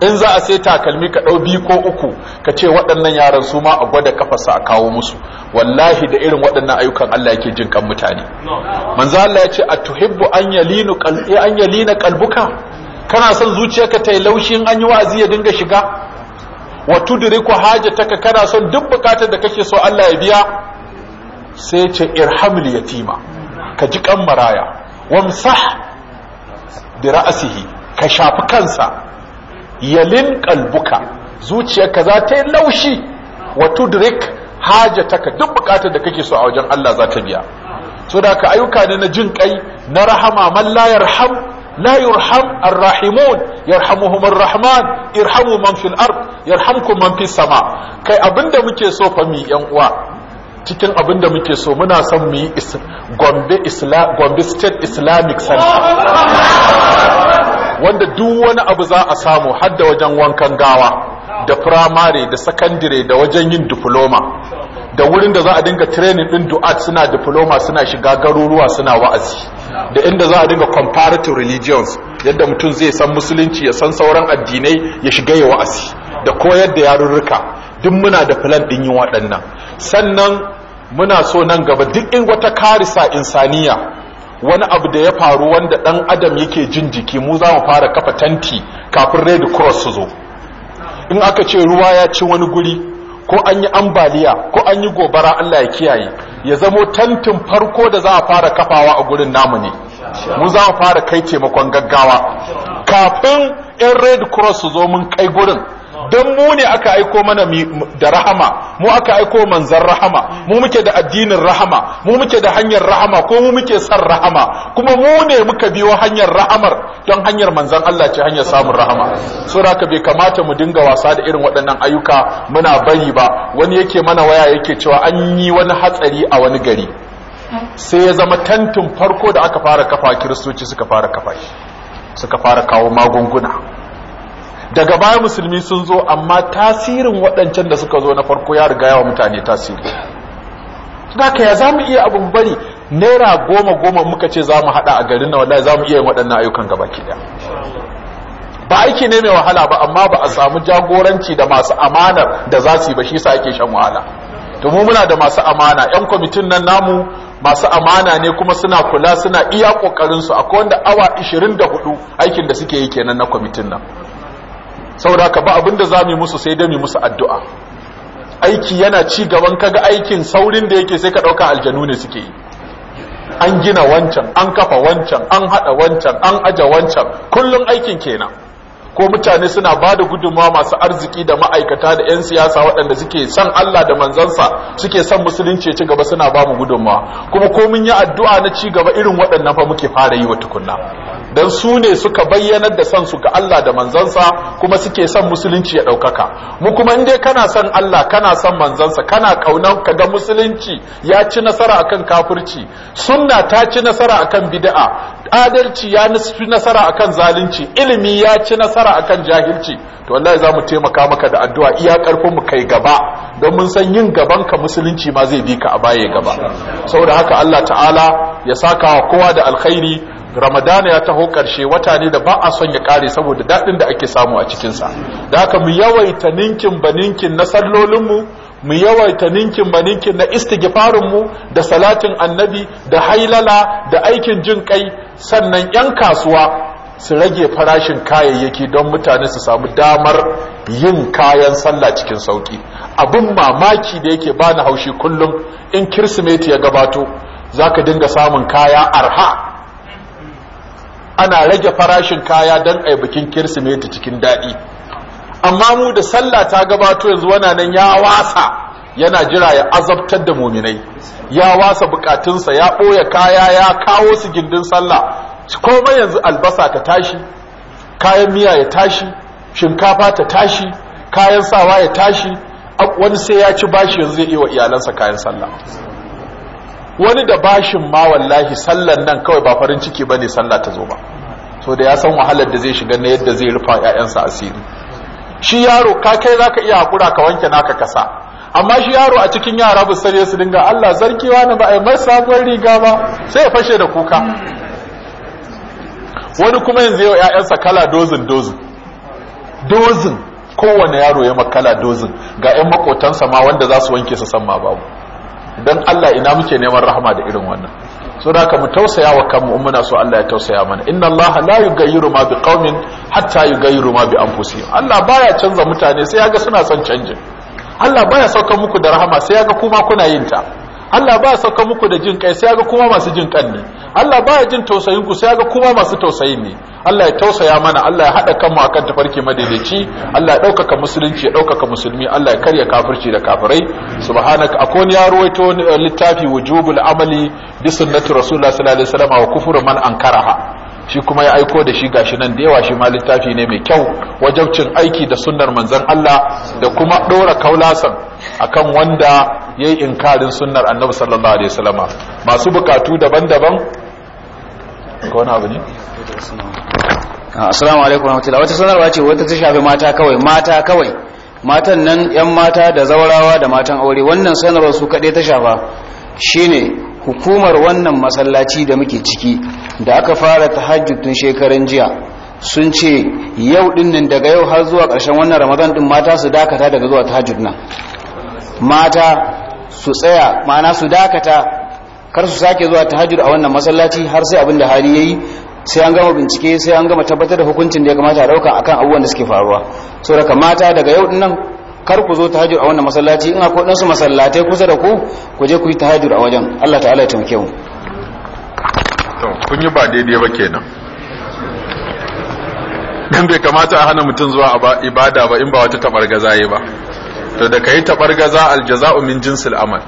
in za a sai takalmi ka ɗau biyu ko uku ka ce waɗannan yaran su ma a gwada kafasa a kawo musu wallahi da irin waɗannan ayyukan Allah yake jin kan mutane manzo Allah ya ce a tuhibbu an yalinu eh, an yalina qalbuka kana son zuciyarka ta yi laushi in an yi wa'azi ya dinga shiga wa tudriku hajataka kana son duk bukatar da kake so Allah ya biya sai ce irhamul yatima ka ji kan maraya wamsah bi ra'sihi ka shafi kansa yalin kalbuka zuciyarka za ta yi laushi wa tudrik hajataka duk bukatar da kake so a wajen Allah za ta biya so da ka ayyuka ne na jin kai na rahama man la yarham la yurham arrahimun yarhamuhum arrahman irhamu man fil ard yarhamkum man fis sama kai abinda muke so fa mi yan uwa cikin abinda muke so muna son mu yi gombe state islamic center wanda duk wani abu za a samu har da wajen wankan gawa da firamare da sakandire da wajen yin diploma da wurin da za a dinga training din du'at suna diploma suna shiga garuruwa suna wa'azi da inda za a dinga comparative religions yadda mutum zai san musulunci ya san sauran addinai ya shiga ya wa'azi da koyar da yarurruka duk muna da plan din yin waɗannan sannan muna so nan gaba duk in wata karisa insaniya wani abu da ya faru wanda dan adam yake jin jiki mu za mu fara kafa tanti kafin red cross su zo in aka ce ruwa ya ci wani guri ko an yi ambaliya ko an yi gobara Allah ya kiyaye ya zamo tantin farko da za a fara kafawa a gurin namu ne mu za mu fara kai taimakon gaggawa kafin yan red cross su zo mun kai gurin don mu ne aka aiko mana da rahama mu aka aiko manzan rahama mu muke da addinin rahama mu muke da hanyar rahama ko mu muke san rahama kuma mu ne muka biyo hanyar rahamar don hanyar manzan Allah ce hanyar samun rahama saboda ka bai kamata mu dinga wasa da irin waɗannan ayyuka muna bari ba wani yake mana waya yake cewa an yi wani hatsari a wani gari sai ya zama tantin farko da aka fara kafa kiristoci suka fara kafa shi suka fara kawo magunguna daga baya musulmi sun zo amma tasirin waɗancan da suka zo na farko ya riga yawa mutane tasiri haka ya mu iya abun bari naira goma goma muka ce za mu haɗa a garin na wallahi za mu iya yin waɗannan ayyukan gaba ki ba aiki ne mai wahala ba amma ba a samu jagoranci da masu amanar da za su yi ba shi sa ake shan wahala to mu muna da masu amana yan kwamitin nan namu masu amana ne kuma suna kula suna iya kokarin su akwai wanda awa 24 aikin da suke yi kenan na kwamitin nan saboda ka ba abinda za mu musu sai dai mu musu addu'a aiki yana ci gaban kaga aikin saurin da yake sai ka dauka aljanu ne suke yi an gina wancan an kafa wancan an hada wancan an aja wancan kullun aikin kenan ko mutane suna ba da gudunmawa masu arziki da ma'aikata da 'yan siyasa waɗanda suke son Allah da manzansa suke son musulunci ya ci gaba suna ba mu gudunmawa kuma ko mun yi addu'a na ci gaba irin waɗannan fa muke fara yi wa tukunna dan su ne suka bayyanar da son su ga Allah da manzansa kuma suke son musulunci ya ɗaukaka mu kuma in dai kana son Allah kana son manzansa kana kaunan ka ga musulunci ya ci nasara akan kafirci sunna ta ci nasara akan bid'a adalci ya nisfi nasara akan zalunci ilimi ya ci nasara akan jahilci to wallahi za mu taimaka maka da addu'a iya karfin mu kai gaba don mun san yin gaban ka musulunci ma zai bi ka a baye gaba saboda haka Allah ta'ala ya saka wa kowa da alkhairi ramadana ya taho karshe wata ne da ba a son ya kare saboda daɗin da ake samu a cikin sa da haka mu yawaita ninkin baninkin ninkin na sallolinmu mu yawaita ninkin ba ninkin na mu da salatin annabi da hailala da aikin jin kai sannan 'yan kasuwa su rage farashin kayayyaki don mutane su samu damar yin kayan sallah cikin sauki abin mamaki da yake bani haushi kullum in kirsimeti ya gabato za ka dinga samun kaya arha ana rage farashin kaya don a bikin kirsimeti cikin daɗi amma mu da sallah ta gabato yanzu wana nan ya wasa yana jira ya azabtar da muminai ya wasa bukatunsa ya ɓoye kaya ya kawo su gindin sallah komai yanzu albasa ta tashi kayan miya ya tashi shinkafa ta tashi kayan sawa ya tashi wani sai ya ci bashi yanzu zai iya wa iyalansa kayan sallah wani da bashin ma wallahi sallan nan kawai ba farin ciki bane sallah ta zo ba so da ya san wahalar da zai shiga na yadda zai rufa 'ya'yansa asiri shi yaro ka kai zaka iya haƙura ka wanke naka kasa amma shi yaro a cikin yara bu sare su dinga Allah zarkewa ne ba yi mai sabuwar riga ba sai ya fashe da kuka wani kuma yanzu yau ƴaƴansa kala dozin dozin dozin kowane yaro ya makala dozin ga yan makotansa ma wanda za su wanke su san ma babu don Allah ina muke neman rahama da irin wannan so da mu tausaya wa kanmu in muna so Allah ya tausaya mana inna Allah la yughayyiru ma biqaumin hatta yughayyiru ma bi anfusihim Allah baya canza mutane sai yaga suna son canjin Allah baya saukar muku da rahama sai yaga kuma kuna yin ta Allah ba sauka muku da jin kai sai ga kuma masu jin kan ne Allah ba jin tausayin ku sai ga kuma masu tausayin ne Allah ya tausaya mana Allah ya hada kanmu akan tafarki madaidaici Allah ya daukaka musulunci ya daukaka musulmi Allah ya karya kafirci da kafirai subhanaka akon ya ruwaito eh, littafi wujubul amali bi sunnati rasulullah sallallahu alaihi wasallam wa kufru man ankaraha shi kuma ya aiko da shi gashi nan da yawa shi ma littafi ne mai kyau wajabcin aiki da sunnar manzon Allah da kuma dora kaulasan akan wanda yayi inkarin sunnar annabi sallallahu alaihi wasallama masu bukatu daban-daban ko wani abu ne ah, assalamu alaikum warahmatullahi wata sanarwa ce wata ta shafi mata kawai mata kawai matan nan yan mata da zaurawa da matan aure wannan sanarwa su kaɗai ta shafa shine hukumar wannan masallaci da muke ciki da aka fara tahajjudun shekarun shekaran jiya sun ce yau dinnan daga yau har zuwa ƙarshen wannan ramadan din mata su dakata daga zuwa tahajjud nan mata su tsaya mana su dakata kar su sake zuwa tahajjud a wannan masallaci har sai abin da hali yayi sai an gama bincike sai an gama tabbatar da hukuncin da ya kamata a dauka akan abubuwan da suke faruwa saboda mata daga yau dinnan kar ku zo tahajjud a wannan masallaci ko akwai ɗansu masallatai kusa da ku ku je ku yi tahajjud a wajen Allah ta'ala ya taimake to kun yi ba daidai ba kenan dan bai kamata a hana mutum zuwa ibada ba in ba wata gaza yi ba to da kai gaza aljaza'u min jinsil amal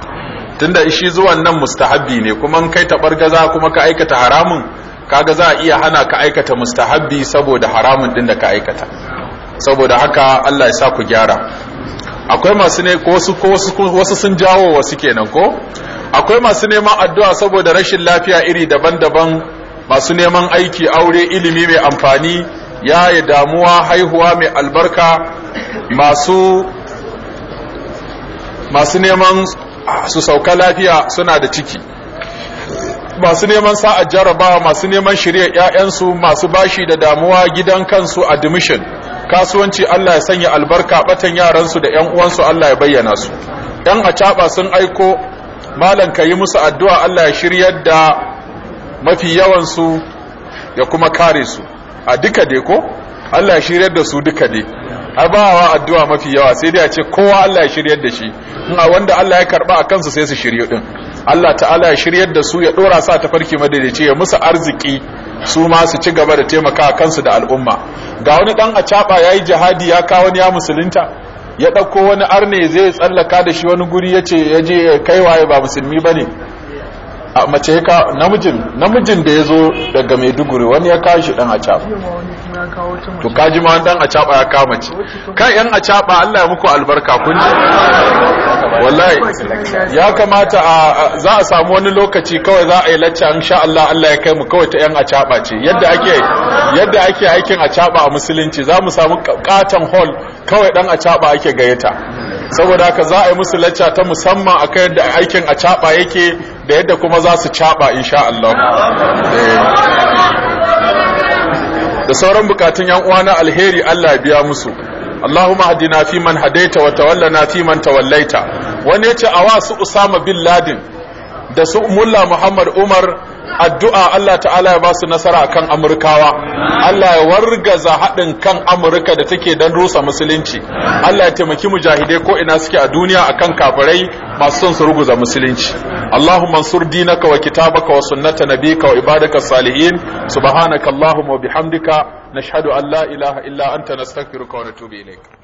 tunda shi zuwan nan mustahabbi ne kuma in kai gaza kuma ka aikata haramun kaga za a iya hana ka aikata mustahabbi saboda haramun din da ka aikata saboda haka Allah ya sa ku gyara akwai masu ne ko wasu wasu sun jawo wasu kenan ko akwai masu neman addu'a saboda rashin lafiya iri daban-daban masu neman aiki aure ilimi mai amfani ya damuwa haihuwa mai albarka masu masu neman su sauka lafiya suna da ciki masu neman sa'a jarabawa masu neman shirya 'ya'yansu masu bashi da damuwa gidan kansu admission kasuwanci Allah ya sanya albarka batan yaransu da ƴan uwansu Allah ya bayyana su ƴan acaba sun aiko malan kai musu addu'a Allah ya shiryar da mafi yawan su ya kuma kare su a duka dai ko Allah ya shiryar da su duka dai ba bawa addu'a mafi yawa sai dai a ce kowa Allah ya shiryar da shi in a wanda Allah ya karba a kansu sai su shiryu din Allah ta'ala ya shiryar da su ya dora sa tafarki madaidaici ya musu arziki su ma su ci gaba da taimaka kansu da al'umma ga wani dan a caba yi jihadi ya kawo ya musulunta ya ɗauko wani arne zai tsallaka da shi wani guri ya ce ya je kaiwaye ba musulmi ba ne a mace ya namijin namijin da ya zo daga maiduguri wani ya kawo shi dan a caba to kaji ma dan a caba ya kama ci kan yan a caba Allah ya muku albarka kun wallahi ya kamata a za a samu wani lokaci kawai za a yi lacca insha Allah Allah ya kai mu kawai ta yan a caba ce yadda ake yadda ake aikin a caba a musulunci za mu samu katon hall kawai dan a caba ake gayyata saboda haka za a yi musu lacca ta musamman a kan yadda aikin a caɓa yake da yadda kuma za su caɓa insha Allah. Eh. da sauran bukatun yan uwa na alheri Allah biya musu Allahumma hadina fi man hadaita wa tawallana fi man tawallaita wani a wa su Usama bin Laden da su Mulla Muhammad Umar addu'a Allah ta'ala ya ba su nasara kan amurkawa Allah ya wargaza haɗin kan amurka da take don rusa musulunci Allah ya taimaki mujahide ko ina suke a duniya akan kafirai masu son su ruguza musulunci allahu mansur dinaka wa kitabaka wa sunnata nabika wa ibadaka salihin subhanaka Allahumma wa bihamdika nashhadu an la ilaha illa anta nastaghfiruka wa natubu